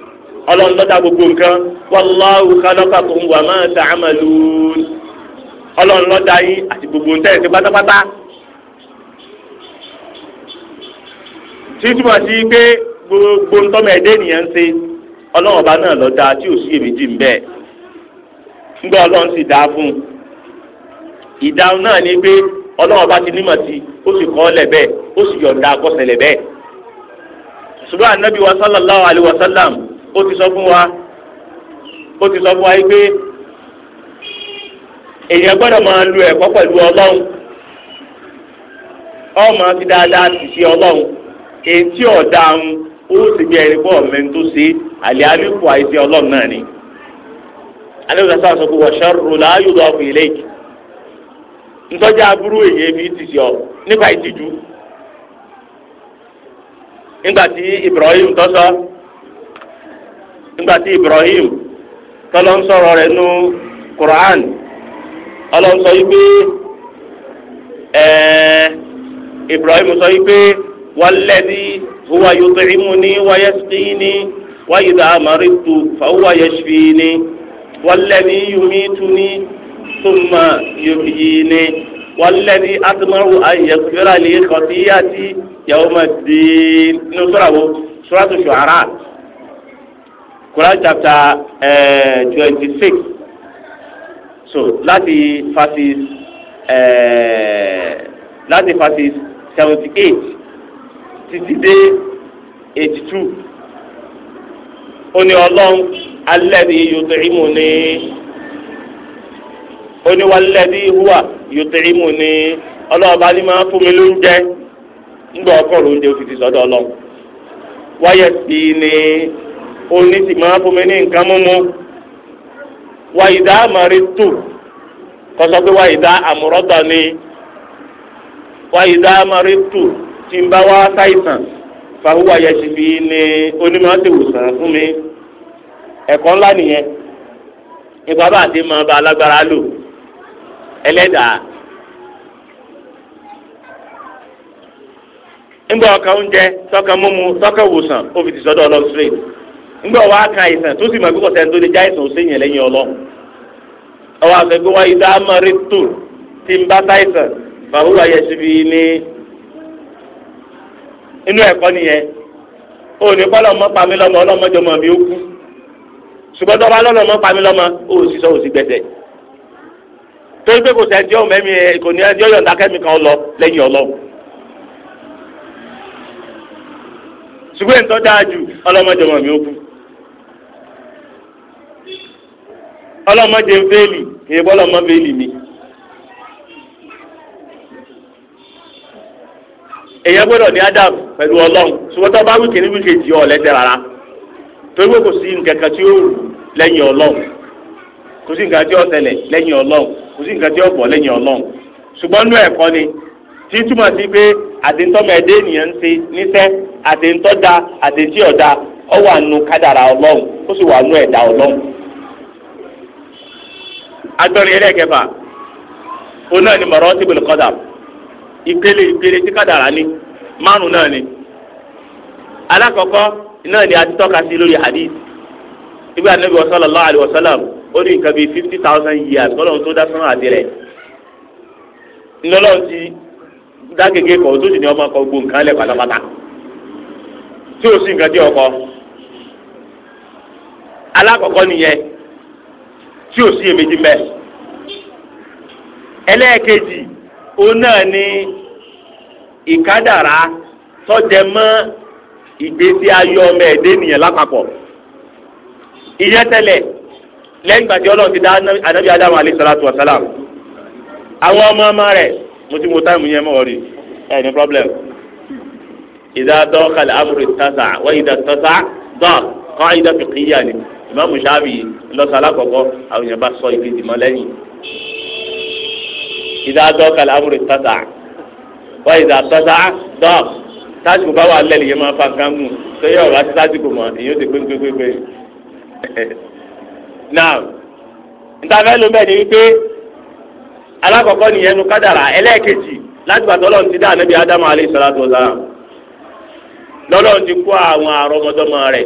ọlọ́run ló gbogbo nǹkan wallahu khalaqakum wa ma ta'malun ọlọ́run ló dá yín àti gbogbo nǹkan ẹ̀sìn pátápátá. títúmọ̀ sí pé gbogbo ntọ́mọ ẹ̀dẹ́ ènìyàn ṣe ọba náà ló tí ò sí èméjì ń bẹ́ẹ̀ ńgbà dá fún un ìdáhùn náà ni ti nímọ̀ sí ó sì kọ́ lẹ̀ bẹ́ẹ̀ ó sì yọ̀ǹda akọ́sẹ̀lẹ̀ bẹ́ẹ̀ ó ti sọ fún wa ó ti sọ fún wa pé èèyàn gbọ́dọ̀ máa lu ẹ̀kọ́ pẹ̀lú ọlọ́run ọ máa fi dáadáa sì sí ọlọ́run èyí tí ó sì bí ẹni pọ̀ mẹ́rin àlẹ́ àlékún àìsí ọlọ́run náà ni alẹ́ òṣèlú sọ pé wọ̀ṣọ́rò láàyò lọ́ọ́ fún ilé ntọ́jà aburú èyí ti nípa ìtìjú nígbà tí Ibrahim so nígbà tí Ibrahim tọ́lọ́ ń sọ̀rọ̀ rẹ̀ nu Quran ọlọ́run sọ yìí pé ẹ̀ẹ́ Ibrahim sọ yìí pé walladhi huwa yut'imuni wa yasqini wa idha maridtu fa huwa yashfini walladhi yumituni thumma yuhyini walladhi atma'u an yaghfira li khati'ati yawma ddin nínú sọ́ra wo Suratu Shu'ara. Quran chapter eh, twenty uh, six so láti verses eh, láti verses seventy eight títí dé eighty two ó ní ọlọ́run alladhi yut'imuni ó ní walladhi huwa yut'imuni ọlọ́ọ̀bá ni máa fún mi lóúnjẹ ńgbọ́ ọkọ̀ lóúnjẹ ó fi ti sọ́dọ̀ ọlọ́run wáyé sí ni. òní sì máa fún mi ní nǹkan mímu wà ìdá àmàrí tù kọsọ pé wà ìdá àmúrọ́dọ̀ ni wà ìdá àmàrí tù tí ń bá wá ṣàìsàn fàhùwà yẹsìbí ni onímọ̀ ti wòsàn fún mi ẹ̀kọ́ ńlá nìyẹn nípa bá a máa ba alágbára lò ẹlẹ́dàá. ńgbà ọkà oúnjẹ sọ́kà mímu sọ́kà wòsàn ó fi ti sọ́dọ̀ ọlọ́run straight. ngbe ọwa aka àìsàn tó sì mọ̀ pípọ̀ tó lè já àìsàn òsè yẹn lẹ́yìn ọlọ́ ọwọ́ àfẹ́ pé tó ti ń bá sáìsàn fàbúrò ayẹ síbi ní inú ẹ̀kọ́ nìyẹn ó ní kọ́ lọ́mọ pami lọ́mọ mi ó kú ṣùgbọ́n tó bá lọ́lọ́mọ pami lọ́mọ ó sì sọ òsì gbẹ̀dẹ̀ tó gbé ọlọ́mọdé ń fẹ́ẹ̀lì èyí bọ́ lọ́mọ fẹ́ẹ̀lì mi. èyàn gbọ́dọ̀ ní adam pẹ̀lú ọlọ́run ṣùgbọ́n tó bá wíkì ní wíkì jì ọ́ lẹ́tẹ̀ rárá torí pé kò sí nǹkan tí ó rù lẹ́yìn ọlọ́run kò sí nǹkan tí ó lẹ́yìn ọlọ́run kò ni tí túmọ̀ sí pé àtẹ̀ntọ́mọ ẹ̀dẹ́ ènìyàn ń ṣe da àtẹ̀ntí ọ̀dà ọ wà nù kádàrà ọlọ́run ó sì agbẹrin ẹlẹ́kẹfà òun náà ni maratibul qadar ìpele ìpele tí kádàrá ni márùn náà ni alákọ̀ọ́kọ́ náà ni a ti sí lórí hadith ibi anabi wasala allah alayhi wa sallam ó ní fifty thousand years kọ́lọ́n tó dá sọ́nà àti rẹ̀ ńlọ́lọ́n ti dá ọmọ tí ọkọ tí ò sí èméjì mbẹ ẹlẹ́ẹ̀kejì òun náà ni ìkádàrá tọ́jẹ mọ́ ìgbésí ayé ọmọ ẹ̀dẹ́ nìyẹn lápapọ̀ ìyẹn tẹ́lẹ̀ lẹ́yìn gbàtí ọlọ́run ti dá anábì adamu alayhi salatu wa salam àwọn ọmọ ọmọ rẹ̀ mo ti mo táìmù yẹn mọ̀ rí ẹ̀ ní problem ìdá dọ́ọ̀kàlẹ̀ amúre tasa wáyé ìdá tasa dọ́ọ̀ kọ́ ìdá fìkìyà ni ìmáàmù sábì lọ́sọ̀ alákọ̀ọ́kọ́ àwọn èèyàn bá sọ ìkejì mọ́ lẹ́yìn. ìdá dọ́ kalẹ̀ amúre tọ́ta wọ́n ìdá tọ́ta dọ́ tásìkò bá wà lẹ́lẹ̀ yẹn máa fa nǹkan mú tó yẹ ọ̀rọ̀ àti tásìkò mọ̀ èyí ó ti gbégbégbé. now ntàfẹ́ ló bẹ́ẹ̀ ni wípé alákọ̀ọ́kọ́ nìyẹn nu kádàrà ẹlẹ́ẹ̀kejì láti bàtọ́ ọlọ́run ti dá ànábì ádámù alayhi salatu wa salam lọ́lọ́run ti kó àwọn àrọ́mọdọ́mọ rẹ̀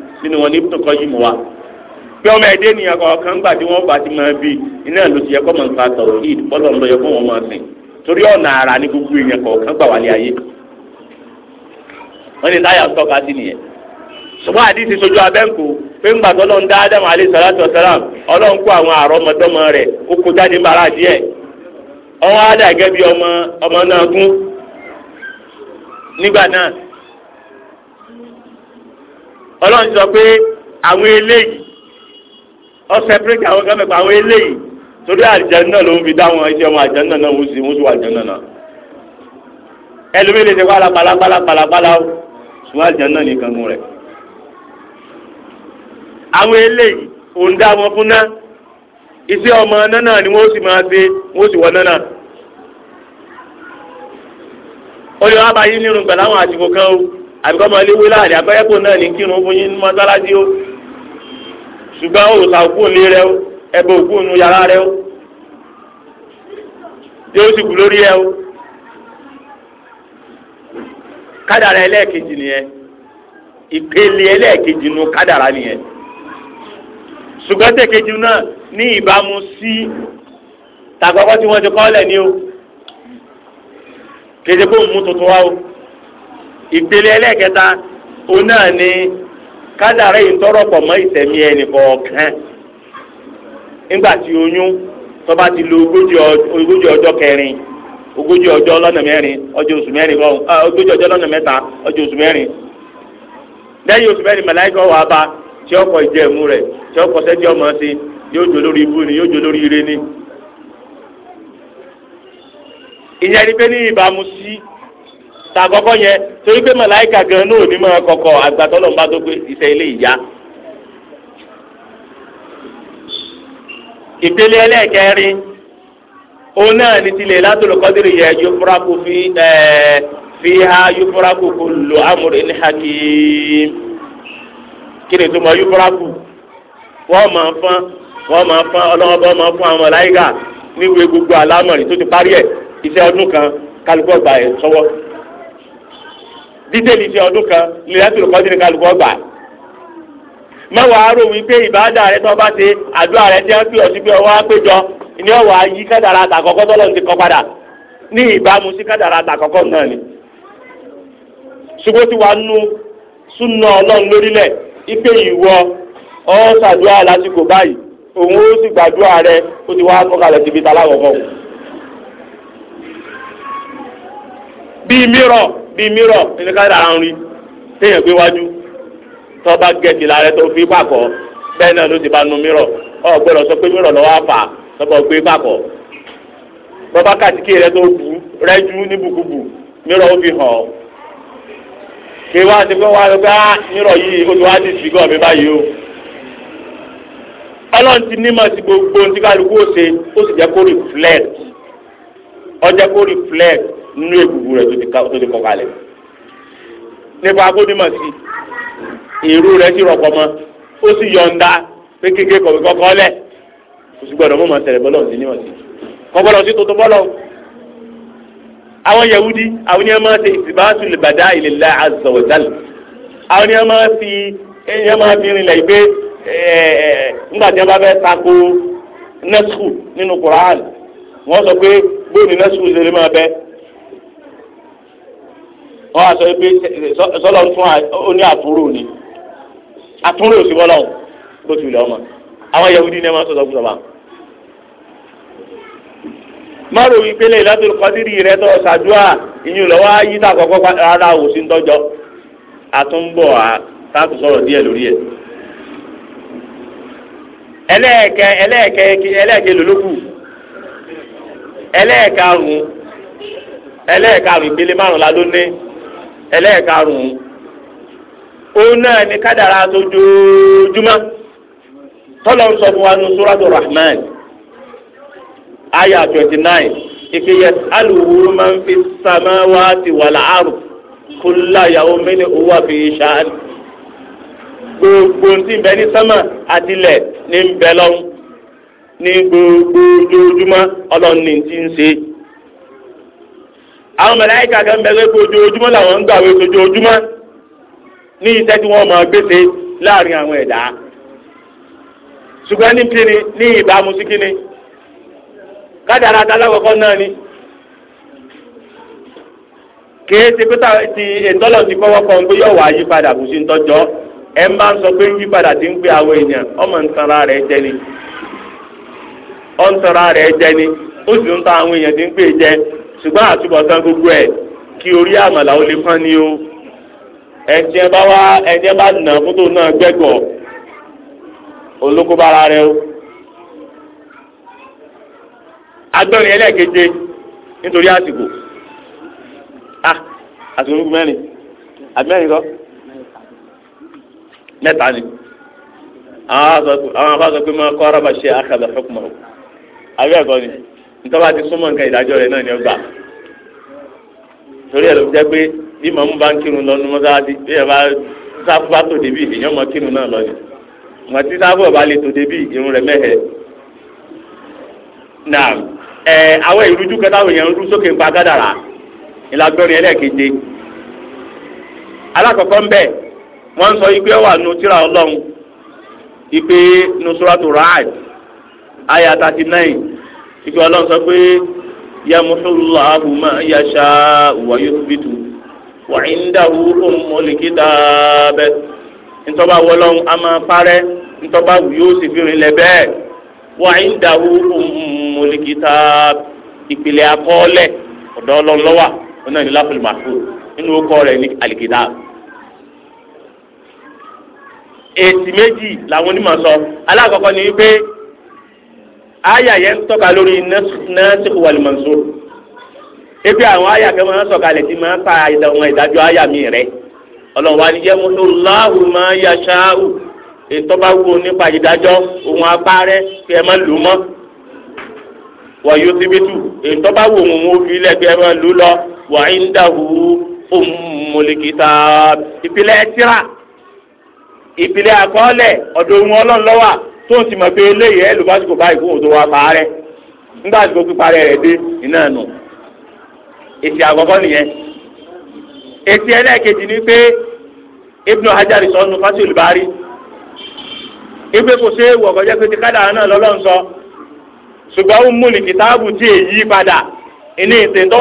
nínú wọn ní tọkọ yìí mọ wa pé ọmọ ẹdẹ ènìyàn kọ̀ọ̀kan gbà tí wọn bá ti máa bí iná ló ti yẹ kọ́ máa ń fa sọ̀rọ̀ yìí bọ́lọ̀ ń lọ yẹ kó máa sìn torí ọ̀nà ara ní gbogbo èèyàn kọ̀ọ̀kan gbà wálé ayé wọ́n ní táyà ń tọ́ka sí nìyẹn àdìsí sojú ọlọ́run sọ pé àwọn eléyìí ọ sẹpẹrẹtì àwọn kan mẹ́pà àwọn eléyìí torí àlùjánnà ló ń fi dá wọn iṣẹ́ wọn àlùjánnà náà wọ́n sì wọ́n sì wà àlùjánnà náà ẹlòmíì lè ṣe wàhálà pàlàpàlà pàlàpàlà o ṣùgbọ́n àlùjánnà ní kankan rẹ̀ àwọn eléyìí òun dá wọn fún náà iṣẹ́ ọmọ nánà ni wọ́n sì máa ṣe wọ́n sì wọ nánà olùwàbàyí nírun pẹ̀lú àwọn àsìkò kan o àbíkọ́ máa léwé láàrin àgbáyẹ́pọ̀ náà ní kírun fún yín mọ́sálásí o ṣùgbọ́n òòsà òkú òní rẹ o ẹbọ òkú òní yàrá rẹ o yóò sì kú lórí ẹ o kádàrá ẹlẹ́ẹ̀kejì nìyẹn ìpele ẹlẹ́ẹ̀kejì nu kádàrá nìyẹn ṣùgbọ́n tẹ̀kejì náà ní ìbámu sí tàkọ́kọ́ tí wọ́n ti kọ́ lẹ̀ ní o kéde kó mú tuntun wá o. ìpele ẹlẹ́ẹ̀kẹta òun náà ni kadare yìí tọrọ pọ̀ mọ́ ìtẹ̀mí ẹnì kọ̀ọ̀kan nígbà tí oyún ti lo ogójì ọjọ́ kẹrin ogójì ọjọ́ lọ́nà mẹ́rin ọjọ́ oṣù mẹ́rin kọ́ ogójì ọjọ́ lọ́nà mẹ́ta ọjọ́ oṣù mẹ́rin lẹ́yìn oṣù mẹ́rin màláíkà wà bá tí ọkọ̀ ìjẹ̀mú rẹ̀ tí ọkọ̀ ọmọ sí yóò jó lórí ibú ni yóò jó ire ni. ìyẹn ni pé ní ìbámu sí tàkọ́kọ́ yẹn torí pé màláìka gan náà ní máa kọ̀kọ̀ àgbàtọ́ lọ́n bá tó pé iṣẹ́ ilé ìyá. ìpele ẹlẹ́ẹ̀kẹrin òun náà tilẹ̀ yufuraku fi fi ha yufuraku kullu amrin hakim kí tó mọ yufuraku wọ́n máa fọ́n wọ́n máa fọ́n ọlọ́wọ́ máa fún àwọn màláìka níwèé gbogbo àlámọ̀rin tó ti parí ẹ̀ iṣẹ́ ọdún kan kálukọ́ ẹ̀ dídéèlì ti ọdún kan lèyàtò kọ́jú ní kálukú ma wà rò wípé ìbáàdà rẹ tó bá ṣe àdúrà rẹ tí wọ́n pè ọ́ pé ọwọ́ àpéjọ ni ọwọ́ ayí kádàrà àtàkọ́kọ́ tọ́lọ́ ti kọ́ padà ní ìbámu sí kádàrà àtàkọ́kọ́ náà ni ṣùgbọ́n tí wàá nu ọ ṣàdúrà lásìkò báyìí òun ó sì gbàdúrà rẹ ó ti síbi ta láwọ̀ bíi mírọ̀ nínú káyọ̀dà àárín téèyàn gbé wájú tó bá gẹ̀ẹ́sì la rẹ tó fi pàkọ́ bẹ́ẹ̀ náà ló ti bá nu mírọ̀ ọ gbọ́dọ̀ sọ pé mírọ̀ lọ́wọ́ àfà tó bá gbé pàkọ́ bọ́bá kàtíkì rẹ tó bu rẹ́jú ní bùkúbù mírọ̀ ó fi hàn ọ́ kí wá ti fẹ́ wá lọ pé á ah, mírọ̀ yìí ó ti wá ti sìgọ́ mi báyìí o ọlọ́run ti nímọ̀ sí gbogbo ohun tí kálukú ó ṣe ó sì jẹ́ kó reflect ó jẹ́ kó reflect nínú èkùkù rẹ̀ tó ti kọ́ kalẹ̀ nípa agbódìmọ̀ sí èrú rẹ̀ ti rọ̀pọ̀ mọ́ ó sì yọ̀ǹda pé kéke kọ̀wé kọ́kọ́ lẹ̀ kò sì gbọ́dọ̀ mọ̀mọ́ tẹ̀lé bọ́lọ̀ sí níwọ̀n sí kọ́kọ́lọ́ sí tuntun bọ́lọ̀ àwọn yahudi àwọn yẹn máa ṣe ìsìbáṣu lè bàdá ìlélá azza wa jal àwọn yẹn máa fi yẹn máa fi rinlẹ̀ ìgbé ńgbà tí wọ́n bá fẹ́ tako nẹ́sùkù nínú Qur'an wọ́n sọ pé bóyá nẹ́sùkù ṣe lè máa bẹ́ẹ̀ wọ́n á sọ pé sọ́lọ́ tún ó àtúrò ni àtúrò sí wọ́n bó ti wùlẹ̀ ọmọ àwọn yahudi ní ẹ máa sọ̀tọ̀ gbọ́dọ̀ bá. má rò kọ́dírì rẹ tó ṣàdúrà ìyún lọ́wọ́ ayé tá sí àtúnbọ̀ àtàkùn sọ̀rọ̀ díẹ̀ lórí ẹ̀. ẹlẹ́ẹ̀kẹ́ ẹlẹ́ẹ̀kẹ́ ẹlẹ́ẹ̀kẹ́ la ló ẹlẹ́ẹ̀karùn-ún òun náà ni kádàrá tójoojúmọ́ tọ́lọ̀ ń sọ fún wa ní rahman aya twenty nine ike yas'aluhu man fi samawati wal ard kulla yawmin huwa fi sha'n gbogbo ti bẹ ní àtìlẹ̀ ní bẹ ní gbogbo ojoojúmọ́ ọlọ́run ti ń àwọn màláíkà kan bẹ̀rẹ̀ pé ojoojúmọ́ làwọn ń gbàwé ojoojúmọ́ ní iṣẹ́ tí wọ́n máa gbèsè láàrin àwọn ẹ̀dá ṣùgbọ́n ní kíni ní ìbámu sí kíni kádàrá talákọ̀ọ́kọ́ náà ni kìí ṣe pé ti ìtọ́lọ̀ ti kọ́wọ́ kan pé yóò wá yípadà kò sí ń tọ́jọ́ ẹ máa ń sọ pé yípadà ti ń gbé àwọn èèyàn ọmọ ń tanra rẹ̀ jẹ ni ọ̀ ń tanra rẹ̀ jẹ ni ó sì ń tan àwọn èèyàn ti ń gbé jẹ ṣùgbọ́n àtúbọ̀tán gbogbo ẹ̀ kí orí àmàlà ó lè pọ́n ní o ẹ̀jẹ̀ bá wá ẹ̀jẹ̀ bá nà fún tó náà gbẹ́gọ̀ olóko bára rẹ o. agbẹ́rin ẹlẹ́ẹ̀keje nítorí àsìkò ah àsìkò nígbà mẹ́rin àbí mẹ́rin kọ́ mẹ́ta ni àwọn àbá pé máa kọ́ arábàṣe àkàdà fún kùmọ̀ àbí ẹ̀kọ́ ni. ntọ́ba ti súnmọ́ nǹkan ìdájọ́ rẹ̀ náà ni ó gbà torí ẹ̀ ló jẹ́ pé bí màmú bá ń kírun lọ ní mọ́sáàdì bí bá sáfù bá tò débì èèyàn mọ́ kírun náà lọ ni wọ́n ti sáfù ọ̀bá tò débì irun rẹ̀ mẹ́hẹ̀ náà ẹ̀ àwọn ìrújú kẹta ń rú sókè gádàrà raad ibi ọlọ́run sọ pé yamhullahu ma yasha wa yuthbitu wa indahu ummul kitab ntọ́ba wọlọ́run a máa parẹ́ ntọ́ba wù yóò sì fi rìn lẹ bẹ́ẹ̀ wa indahu ummul kitab ìpìlẹ̀ akọ́ọ́lẹ̀ ọ̀dọ́ ọlọ́run ló wà ọ̀nà ní láfíìl mahfuz nínú okọ rẹ̀ ní al èsì méjì làwọn onímọ̀ sọ alákọ̀ọ́kọ́ ni wípé. aya yẹn ń tọ́ka lórí nasikh wal ebi àwọn aya kan máa sọ sọ̀kalẹ̀ máa pa àwọn ìdájọ́ àyà mi rẹ̀ ọlọ́run wa ni jẹ́ mọ́tòláhù máa yà nípa ìdájọ́ òun apárẹ́ kí ẹ lù mọ́ wàyó síbítù ètò òun wa ìpìlẹ̀ ìpìlẹ̀ tó ti mọ̀ pé eléyìí ẹ lò bá sùkò báyìí fún òtò wa pa rẹ nígbà tí o fi rẹ̀ dé iná nù èsì àkọ́kọ́ nìyẹn èsì ẹlẹ́ẹ̀kejì ni pé Ibnu Hajar sọnù Fathul Bari ipe kò ṣe é wọ̀ kọjá pé ti kádà náà lọ́lọ́run sọ ṣùgbọ́n ó kìtáàbù tí èyí padà ìní ìsìn tó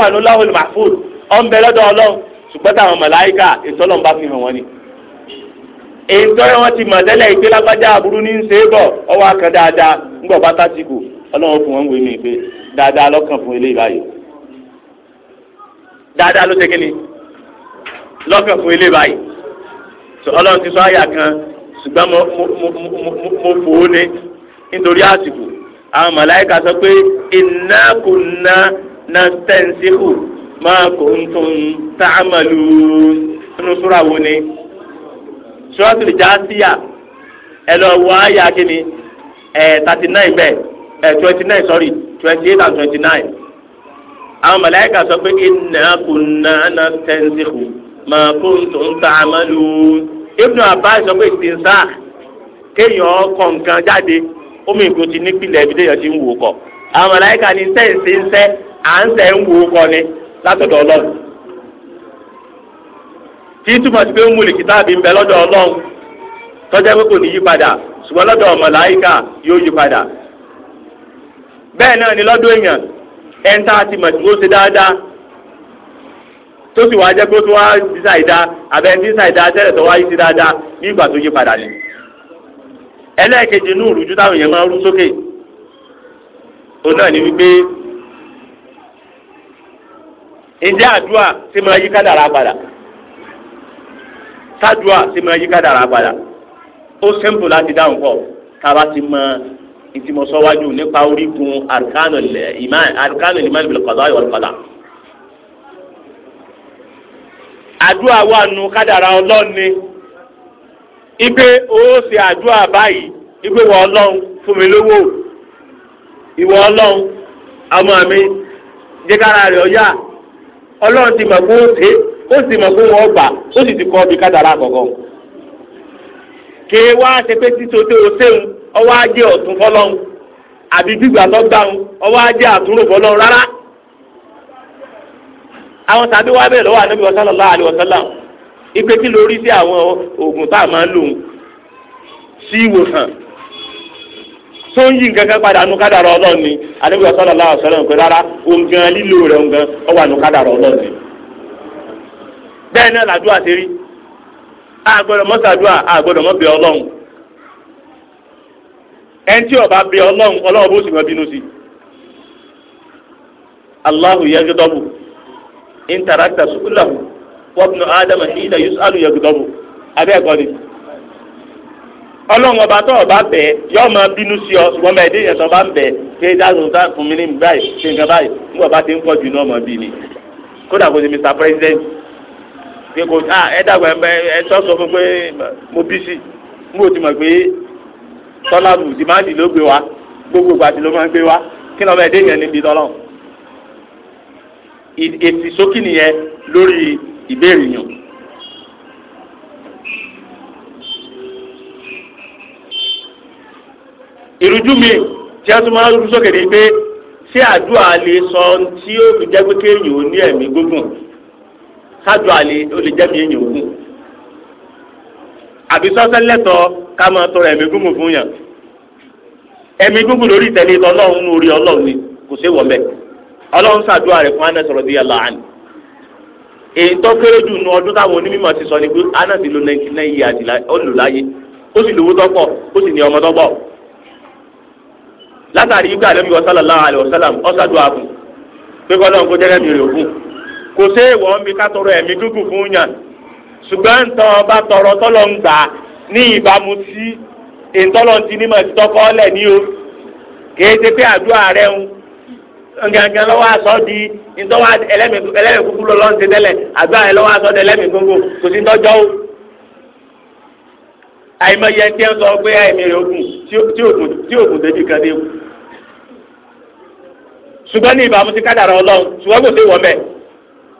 wà ní èyí tọ́lọ́ wọn ti mọ̀ tẹ́lẹ̀ ìpè lágbájá buru ní ń ṣe é bọ̀ ọwọ́ akàn dáadáa ńgbọ̀ bá tásìkò ọlọ́run fún wọn ń wé mi pé dáadáa lọ́kàn fún eléyìí báyìí dáadáa ló ṣe kí ni lọ́kàn fún eléyìí báyìí ọlọ́run ti sọ àyà kan ṣùgbọ́n mo fò ó ní nítorí àsìkò àwọn màláìka sọ pé iná kò ná na stẹ́ǹsìkù máa kò ń tún tá a màlúù nínú wo ni. sọ́ọ́tù jàásíyà ẹ wọ àyà kínní ẹ thirty nine bẹ́ẹ̀ ẹ twenty nine sorry twenty eight and twenty nine àwọn màláíkà sọ pé inna kunna nastansikhu na kuntum ta'malun Ibnu Abbas sọ pé ìsìnsá kéèyàn kọ nǹkan jáde omi ìgò ti nípìnlẹ̀ ibi téèyàn ti ń wò kọ àwọn màláíkà ní sẹ́ǹsì ń sẹ́ à ń sẹ́ ń wò ni látọ̀dọ̀ Ọlọ́run. kí túmọ̀ sí pé ń múlì kìtàbí ń bẹ lọ́dọ̀ ọlọ́run tọ́jà pé kò ní yípadà ṣùgbọ́n lọ́dọ̀ màláíkà yóò yípadà bẹ́ẹ̀ náà ni lọ́dọ̀ èèyàn ẹ̀ńtà àti màtúwó ṣe dáadáa tó sì wáá jẹ́ pé ó tún wáá di ṣàìdá àbẹ̀ ní ṣàìdá tẹ́lẹ̀ tó wáyé sí dáadáa ní ìgbà tó yí padà ni. ẹlẹ́ẹ̀kejì inú ìrújú táwọn èèyàn máa ń rú sókè òun náà ni wípé ǹjẹ́ àdúrà ṣe máa yí kádàrá padà tádùá sí máa yí kádàrá padà ó sẹ́ńpù láti dáhùn kọ́ tába ti mọ ìtìmọ̀sọ́wájú nípa orígun arkanu iman arkanu iman bil qada wal qadar. àdúrà wà nù kádàrá ọlọ́ọ̀ni ipe ó ṣe àdúrà báyìí ipe wọ ọlọ́run fún mi lówó ìwọ ọlọ́run ọmọ mi jẹ́kára rẹ̀ ọ̀yà ọlọ́run ti mọ̀ kó o ṣe ó sì mọ̀ pé wọ́n gbà ó sì ti kọ́ ibi kádàrá àkọ́kọ́ kí wá ṣe pé títí tó o séun ọwọ́ ajé ọ̀tún fọlọ́hún àbí gbígbà tó gbàhún ọwọ́ ajé àtúrò fọlọ́hún rárá àwọn tàbí wá bẹ̀rẹ̀ lọ́wọ́ ipe kí lórí sí àwọn oògùn tá a máa ń lò ń sí ìwòsàn tó ń bẹ́ẹ̀ náà làdúrà ṣe rí àgbọ̀dọ̀ mọ́sàdúrà àgbọ̀dọ̀ mọ́ bẹ ọlọ́run ẹni tí ó bá bẹ ọlọ́run ọlọ́run bó sì mọ́ bínú sí i Allahu yagidabu intarakta sukulahu wabnu adama hina yusalu yagidabu abẹ́ ẹ̀kọ́ ni ọlọ́run ọba tó ọba bẹ̀ yọ máa bínú sí ọ ṣùgbọ́n bẹ́ẹ̀ dé ìyẹ̀tọ̀ bá ń bẹ̀ ṣé dáhùn tá fún mi ní báyìí ṣe nǹkan báyìí nígbà bá ti ń pọ̀ jù náà mọ̀ bí ni kódà kó ti Mr President pé kò ah ẹ dàgbà ẹ tọ́ sọ fún pé mo bí sí mo ti mọ̀ pé tọ́lábù dìmáàdì ló gbé wa gbogbo gbàdì ló máa ń gbé wa kí ni ọba ẹ̀dẹ́ yẹn níbi tọ́lọ́ èsì sókè nìyẹn lórí ìbéèrè yàn. ìrújú mi tí a tún máa ń rú sókè ni pé ṣé àdúrà lè sọ tí ó fi jẹ́ ní ẹ̀mí gbógun. sájú àlè ó lè jẹ́ mi èèyàn ògùn àbí tọrọ ẹ̀mí fún yàn ẹ̀mí lórí ìtẹ̀lé ọlọ́run lórí ọlọ́run ni kò sí wọ̀ ọlọ́run rẹ̀ fún Anas radiyallahu anhu èyí tó kéré jù nu ọdún táwọn onímọ̀ ti sọ ni pé lo nine years láyé ó sì lówó tọ́pọ̀ ó sì ní ọmọ tọ́pọ̀ látàrí ibi àlẹ́ mi kò sí èèwọ̀ mi ká tọrọ ẹ̀mí gúgùn fún yàn ṣùgbọ́n ntàn bá tọrọ tọ́lọ̀ ń gbà ní ìbámu sí ti ní màtí ní o kìí ṣe pé àdúrà rẹ ń lọ́wọ́ aṣọ di ntọ́wọ́ ẹlẹ́mìí kúkú ń ṣe tẹ́lẹ̀ àdúrà rẹ lọ́wọ́ aṣọ di o àìmọye ẹni tí ń sọ pé o ṣùgbọ́n ní ìbámu ti ọlọ́run ṣùgbọ́n kò sí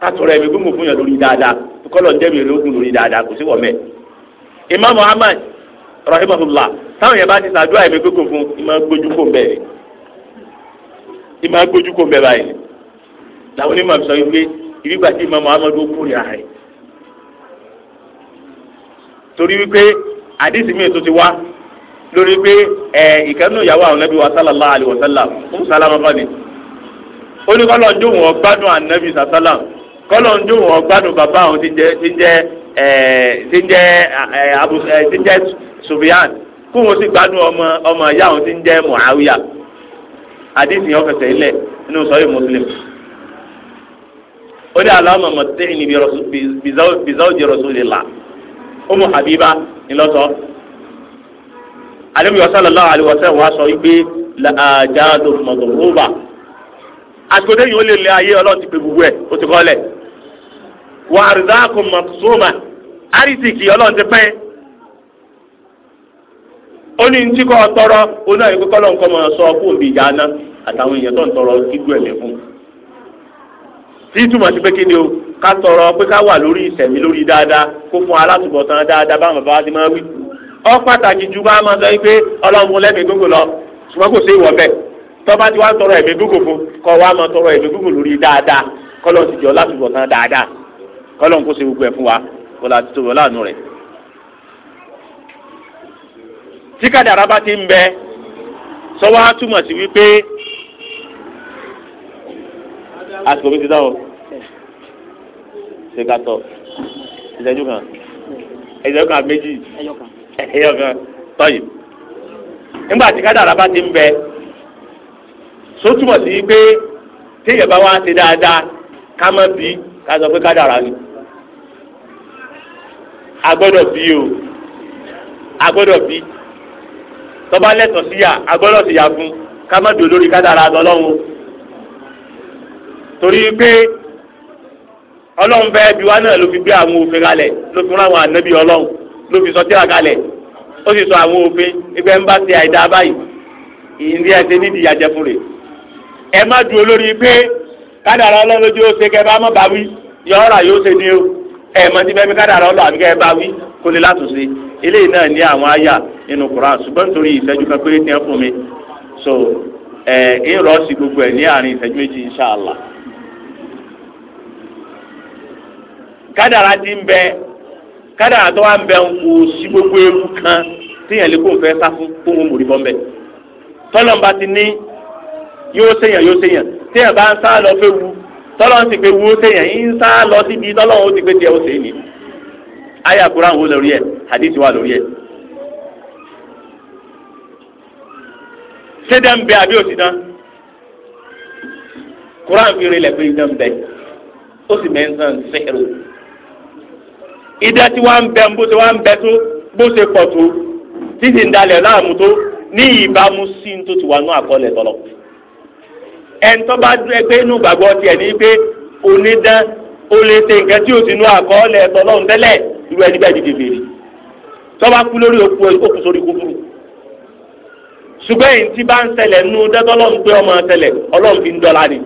kátọ̀rọ̀ ẹ̀mí gbogbo fún yàn lórí dáadáa kọ́lọ̀ jẹ́ mi lógun lórí dáadáa kò sí wọ̀ mẹ́. Imam Muhammad rahimahullah táwọn yẹn bá ti sàdúrà ẹ̀mí gbogbo fún ìmọ̀ gbójú kò ń bẹ̀rẹ̀ ìmọ̀ gbójú kò ń bẹ̀rẹ̀ báyìí làwọn onímọ̀ sọ wípé ìrìgbà tí Imam Muhammad ó kúrì ara rẹ̀ torí wípé àdìsí mi tó ti wá lórí pé ẹ ìkànnì ìyàwó àwọn nàbí wa sallallahu alayhi wa sallam fún sàlámà fani ó ní kọ́lọ́ ń dóhùn ọgbádùn ànábì sàlámà kọ́lọ̀ ń dùn wọ́n gbádùn bàbá àwọn tí ń jẹ́ tí ń jẹ́ eh, tí ń jẹ́ eh, eh, tí ń jẹ́ Sufyan kó wọn sì gbádùn ọmọ ọmọ ìyá àwọn tí ń Muawiya àdéhùn yẹn fẹsẹ̀ ilẹ̀ nínú sọ́yìn Muslim ó dé aláwọ̀ mọ̀mọ́ tẹ́yìn níbi bizawji Rasulillah Ummu Habiba ńlọ́sọ alẹ́ mi wọ́n sálọ̀ lọ́wọ́ àlùwọ̀sẹ̀ wọn sọ wípé àjáàdùn mọ̀tò rúbà àsìkò tẹ́yìn ó lè lé ayé ọlọ́run ti pè gbogbo wà àrídàkùn mọ̀tòsóòmà àrísìkì ọlọ́run ti pẹ́ ó nǹkan sọ fún òbí ìyá àtàwọn èèyàn tó ń tọrọ kíkú ẹ̀mí fún tí túmọ̀ o ká tọrọ pé ká wà lórí ìsẹ̀mí lórí dáadáa kó fún alátùbọ̀tán dáadáa báwọn ti máa wí ọ pàtàkì ju bá máa sọ pé ọlọ́run lẹ́mìí gbogbo lọ tọrọ ẹ̀mí gbogbo wa máa tọrọ ẹ̀mí gbogbo lórí dáadáa kọ́lọ́n kó ṣe gbogbo ẹ̀ fún wa kó la ti tóbi ọláàánú rẹ̀. tí kádàrá bá ti ń bẹ sọ́wọ́ á túmọ̀ sí wípé àsìkò mi ti dá o ṣe ká tọ ìṣẹ́jú kan ìṣẹ́jú kan méjì ẹ̀yọ kan tọ́yìn nígbà tí kádàrá bá ti ń bẹ sótúmọ̀ sí wípé téèyàn bá wá ṣe dáadáa ká mọ̀ bí ká sọ pé kádàrá ni. agbọ́dọ̀ bí o agbọ́dọ̀ bí tọ́ba lẹ́tọ̀ọ́ síyà agbọ́dọ̀ síyà fún ká lórí kádàrá àtọ́lọ́hún torí pé ọlọ́run bẹ́ẹ̀ bí wa náà ló fi gbé àwọn òfin kalẹ̀ ló fi rán ànábì ọlọ́run ló fi sọ tírà kalẹ̀ ó sì sọ àwọn òfin ibẹ̀ ń bá ti àìdá báyìí ìdí ẹsẹ̀ nídìí ìyà fún ẹ má dùn pé ó ṣe má ẹ mọ tí bẹ́ẹ̀ kádàrá ọlọ àbíkẹ ẹ bá wí kó lè eléyìí náà ní àwọn àyà nínú Quran ṣùgbọ́n nítorí ìṣẹ́jú kan péré tiẹ̀ fún mi so ẹ rọ sí gbogbo ẹ ní àárín ìṣẹ́jú méjì inṣàlá. kádàrá ti ń bẹ kádàrá tó wà gbogbo ewu kan téèyàn lè kó fẹ́ sá fún kó ń mórí ti ní yóò ṣèyàn tọ́lọ́n ti pé wo sẹ́yìn yín sá lọ síbi tọ́lọ́n ó ti pé tiẹ̀ ó sèé ni àyà Kùránì wo lórí ẹ̀ hadith wa lórí ẹ̀. sédè ń bẹ àbí òsì tán Kùránì fi rinlẹ̀ pé idán ń bẹ ó sì mẹ́ ń sàn sẹ́rù idán tí wọ́n ń bẹ bó ṣe wọ́n ń bẹ tó bó ṣe pọ̀ tó títí ń dalẹ̀ láàmú tó ní ìbámu sí ní tó ti wà ní àkọọ́lẹ̀ tọ́lọ̀ ẹ̀ńtọ́ bá dúró pé inú gbàgbọ́ tiẹ̀ ní pé onídán ó lè ṣe nǹkan tí ó sì nú àkọọ́lẹ̀ ẹ̀tọ́ lọ́hùn tẹ́lẹ̀ irú ẹni bẹ́ẹ̀ dìde fèrè tọ́ba kú lórí òkú òkú sórí kúkúrú ṣùgbọ́n èyí tí bá ń ṣẹlẹ̀ nú dẹ́tọ́ lọ́hùn pé ọmọ ṣẹlẹ̀ ọlọ́run fi ń dọ́la ni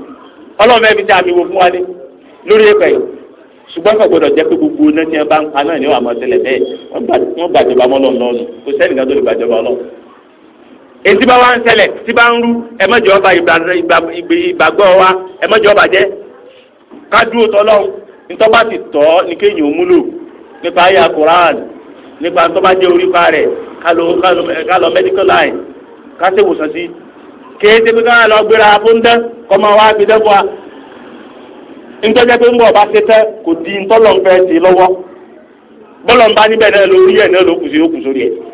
ọlọ́run fẹ́ẹ́ fi ṣe àmì wò fún wa ni lórí ẹ̀pẹ̀ yìí ṣùgbọ́n kò gbọdọ̀ jẹ́ pé gbogbo oná tí wọ́n bá ń pa náà ni wọ́n àmọ́ ṣẹlẹ̀ bẹ́ẹ̀ wọ́n gbàjọba mọ́ lọ́nà ezigbo wa wá ń ṣẹlẹ̀ tí ọba ìgbàgbọ́ wa ẹ ọba jẹ́ ti tọ nike kéèyàn múlò nípa aya koran nípa tọ́ba jẹ́ orípa rẹ̀ kálọ medical line kásẹ̀wòsàn ka kéèké pé káwọn lọ gbéra fúndẹ kọ́mọ wa fi wa ntọ́jà pé ń bọ̀ kò di náà lórí náà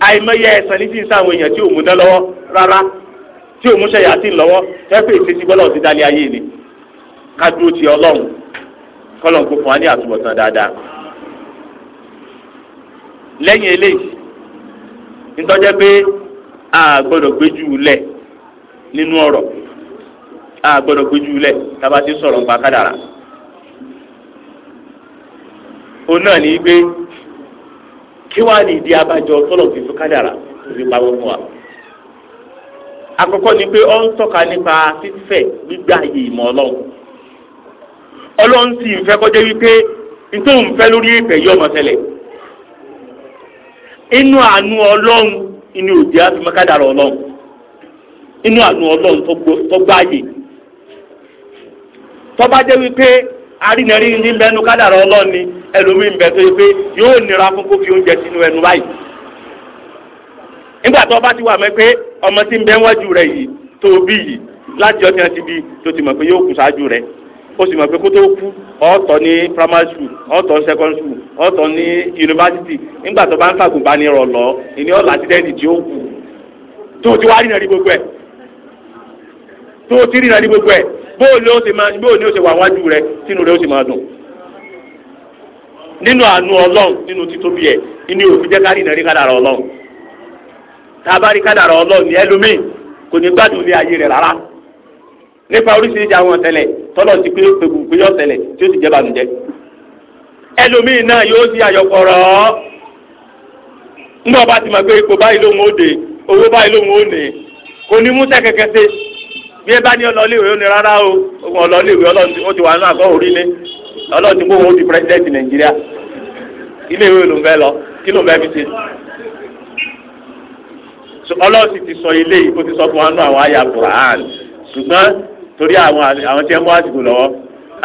àìmọye ẹ̀sán ní ti ń sáwọn èèyàn tí lọwọ ti dálé ayé ni ká ti ọlọ́run kọ́lọ̀ kó fún wa ní àtúbọ̀tán dáadáa. lẹ́yìn eléyìí nítọ́jẹ́ pé a gbọ́dọ̀ gbéjú lẹ̀ nínú ọ̀rọ̀ a gbọ́dọ̀ gbéjú lẹ̀ tábà sọ̀rọ̀ nípa kádàrà. òun náà ní í gbé. kí wàá ní ìdí abájọ tọ́lọ̀ fi kádàrà fi pamọ́ fún wa. àkọ́kọ́ ni pé ó tọ́ka nípa fífẹ́ gbígbà yìí ìmọ̀ ọlọ́run ọlọ́run sì ń fẹ́ kọjá wípé nítorí òun fẹ́ lórí ìpè yọ ọmọ tẹ́lẹ̀ inú àánú ọlọ́run inú ọlọ́run inú àánú ọlọ́run arínẹ́rí ní bẹ́nu kádàrá ọlọ́ni ẹlòmíì bẹ tó yẹ pé yóò nira fún kó fi oúnjẹ sínú ẹnu báyìí. nígbà tó bá ti wà mẹ́ pé ọmọ tí ń bẹ wájú rẹ̀ yìí tó bí yìí láti ọtí bí tó ti mọ̀ pé yóò kù ṣáájú rẹ̀ ó sì mọ̀ pé kó tó kú ọ̀tọ̀ ní primary school ọ̀tọ̀ second school ọ̀tọ̀ ní university nígbà tó bá ń fàgùn bá ní bóòlù ó ti máa bóòlù ó ti wà wájú rẹ tínú rẹ ó ti máa dùn nínú àánú ọlọ́run nínú títóbi ẹ̀ inú òfin jẹ́ kárí ìnárí kádàrà ọlọ́run tá a bá rí kádàrà ọlọ́run ní ẹlòmíì kò ní gbádùn ilé ayé rẹ̀ rárá nípa oríṣiríṣi àwọn ọ̀tẹ̀lẹ̀ tọ́lọ̀ ti pé pẹ̀gùn pé ọ̀tẹ̀lẹ̀ tí ó sì jẹ́ bànújẹ́ ẹlòmíì náà yóò di àyọkọ̀rọ̀ ti ipò báyìí lóhun ó de owó báyìí lóhun ó ní kò ní mú sẹ́kẹ̀kẹ́ bí ẹ bá ní ọlọ́ọ̀lẹ́wẹ̀ ó ní rárá o ogun ọlọ́ọ̀lẹ́wẹ̀ ọlọ́ọ̀tún ó ti wà nínú àgọ́ òrílẹ̀ ọlọ́ọ̀tún kó wọn ó di pírẹsidẹ́ǹtì nàìjíríà ilé ìwé ló ń bẹ́ lọ kí ló ń bẹ́ fi ṣe. ọlọ́ọ̀tún ti sọ ilé yìí kó ti sọ fún wa nínú àwọn àyà Quran ṣùgbọ́n torí àwọn àwọn tí ẹ mú àsìkò lọ́wọ́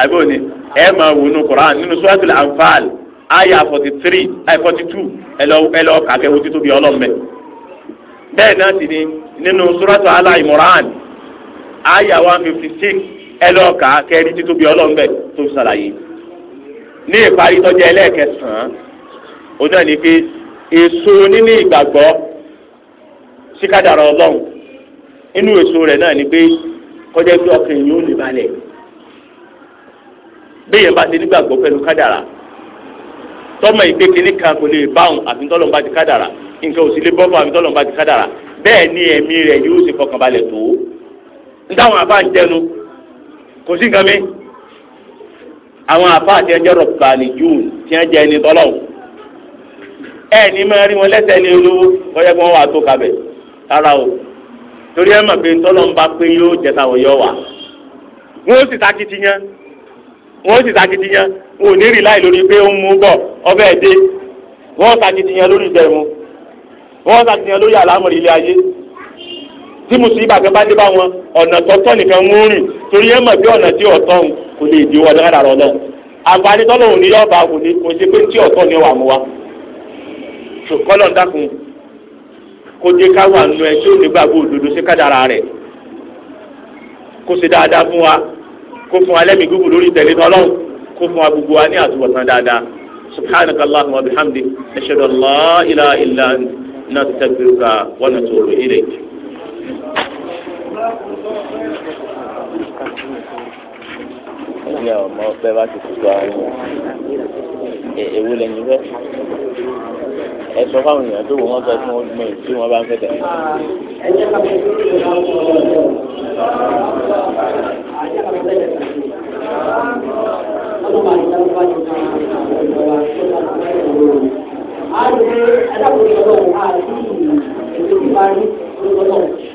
àbí òní ẹ máa wò nínú Quran nínú suratul Anfal àyà forty three àyà forty two ẹ lọ ẹ lọ kàkẹ́ wo títóbi ọlọ́mọ bẹ́ẹ̀ náà sì ni nínú suratul Al Imran aya one fifty six ẹlọ́ọ̀ka kẹrin títóbi ọlọ́ọ̀bẹ tó ṣàlàyé ní ìparí tọ́jú ẹlẹ́ẹ̀kẹsàn-án ó náà ní pé èso níní ìgbàgbọ́ síkádàrà ọlọ́run inú èso rẹ̀ náà ní pé kọjá pé ọkàn yìí ó lè balẹ̀ béèyàn bá ti nígbàgbọ́ pẹ̀lú kádàrà tọ́mọ ìgbé kínní kan kò lè báwọn àfi tọ́lọ́mbà ti kádàrà nǹkan ò sí lè bọ́ fún ti kádàrà bẹ́ẹ̀ ni ẹ̀mí rẹ̀ yóò ṣe fọkànbalẹ̀ ń àfa ń jẹnu kò sí nǹkan àwọn àfa àti ẹjọ́ rọ̀bàlì jùn tí wọ́n jẹ ẹni tọ́lọ́wọ́ ẹ máa rí wọn lẹ́sẹ̀ ní olówó kí wà tó o torí ẹ mọ̀ pé tọ́lọ́ ń bá pé yóò jẹ táwọn yọ wà wọ́n ó sì takitiyan wọ́n ó sì takitiyan wọn ò ní rí láì lórí pé ó ń mú bọ̀ ọbẹ̀ ẹ̀dẹ́ wọ́n ó takitiyan lórí ìjẹun ó tí mùsùlùmí àgbẹ̀ bá dé bá wọn ọ̀nà tọ́tọ́ nìkan mú rìn torí ẹ mọ̀ bí ọ̀nà tí ọ̀tọ́ ń kò lè di wọn lára rọ̀ náà àǹfààní tọ́lọ̀ òní yóò bá òní kò pé tí ọ̀tọ́ ni wà mú wa. kọ́lọ̀ ń dákun kó dé ká wà ẹ tí òdodo rẹ̀ kó dáadáa fún wa kó fún wa lẹ́mìí lórí fún wa gbogbo wa ní ẹ̀yìn ọmọ ọ̀fẹ́ bá ti tutù àwọn ewu lẹ́yìn fẹ́ ẹ sọ fáwọn èèyàn tó wò wọ́n sọ fún ọdún mẹ́rin tí wọ́n bá ń fẹ́ tẹ̀lé. Thank you.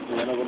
Gracias.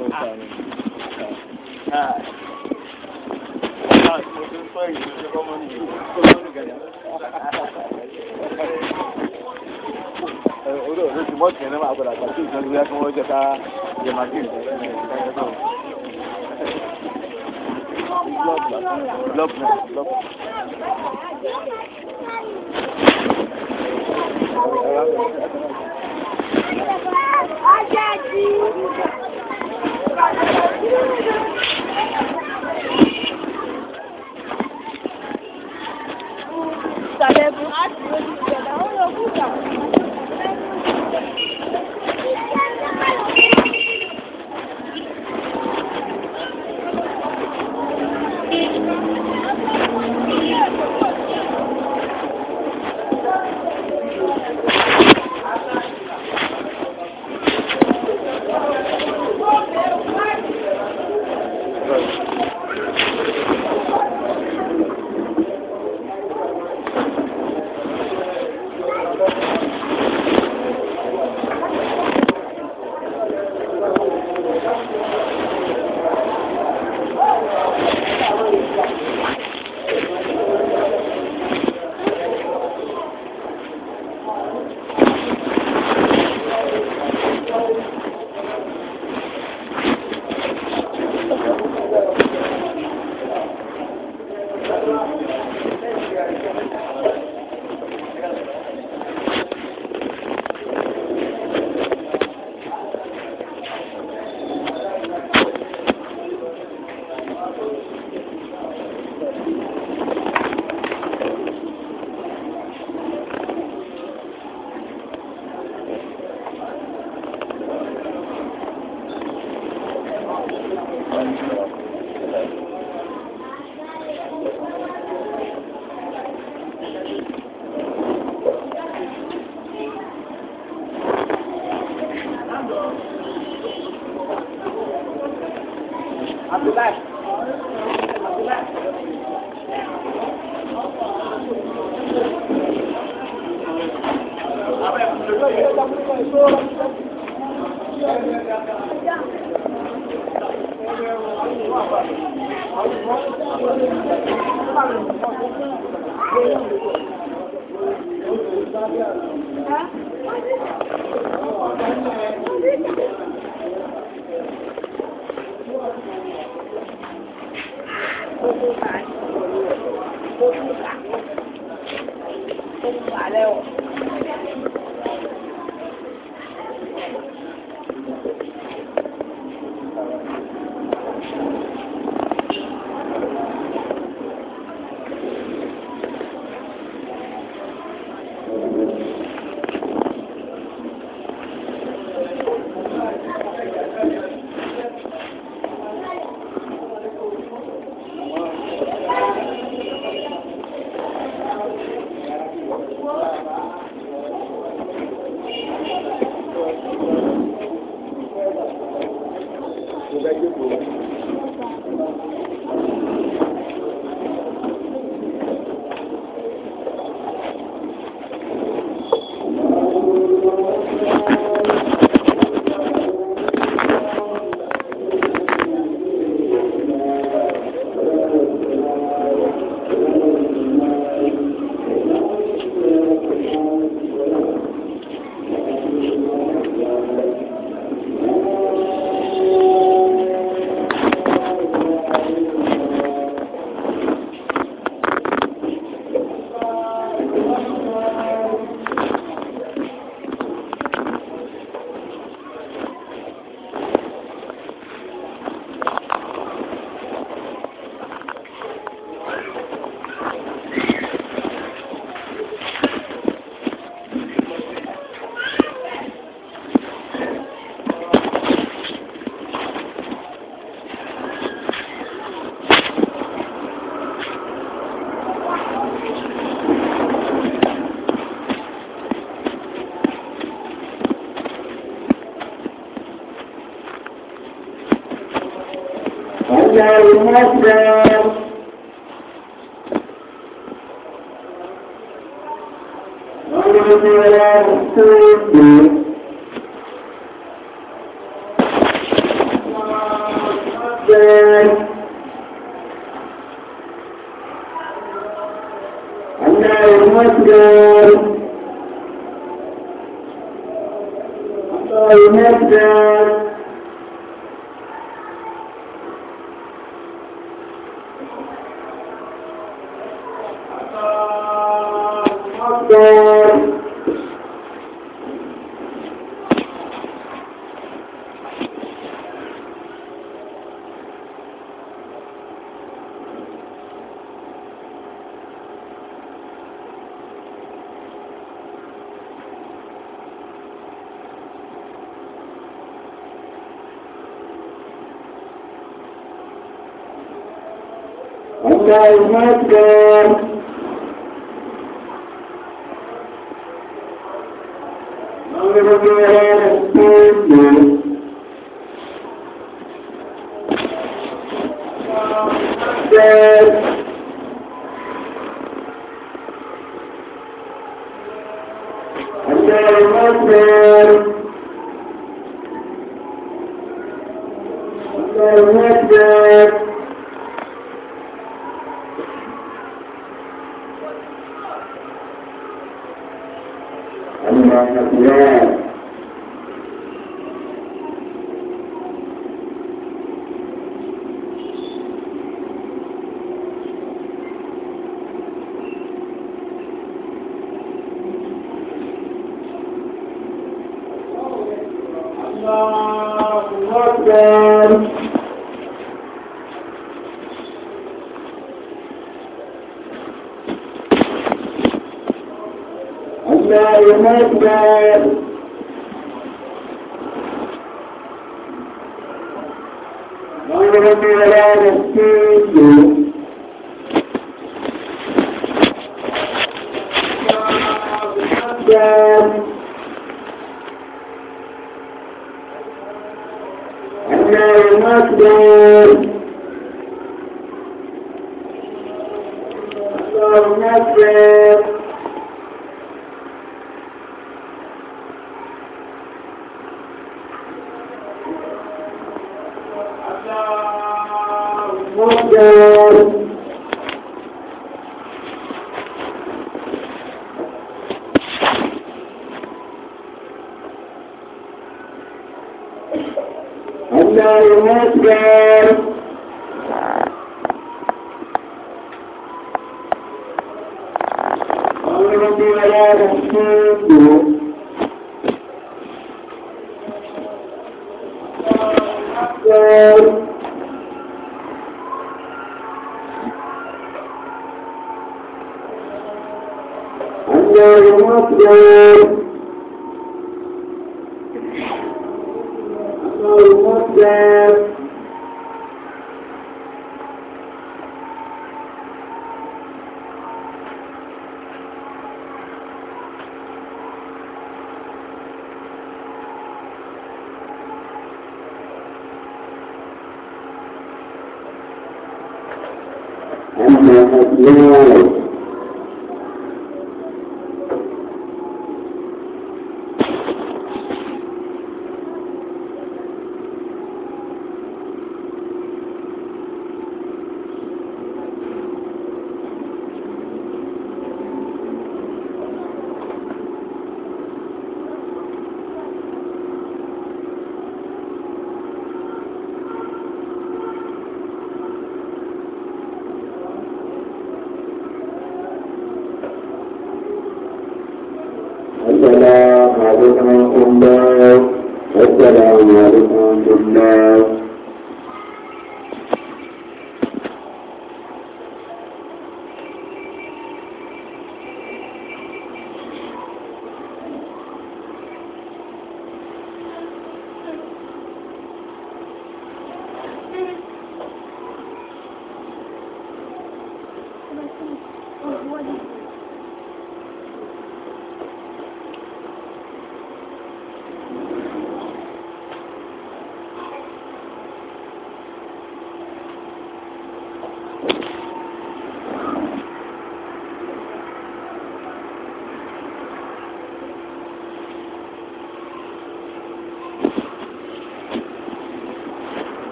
الله أكبر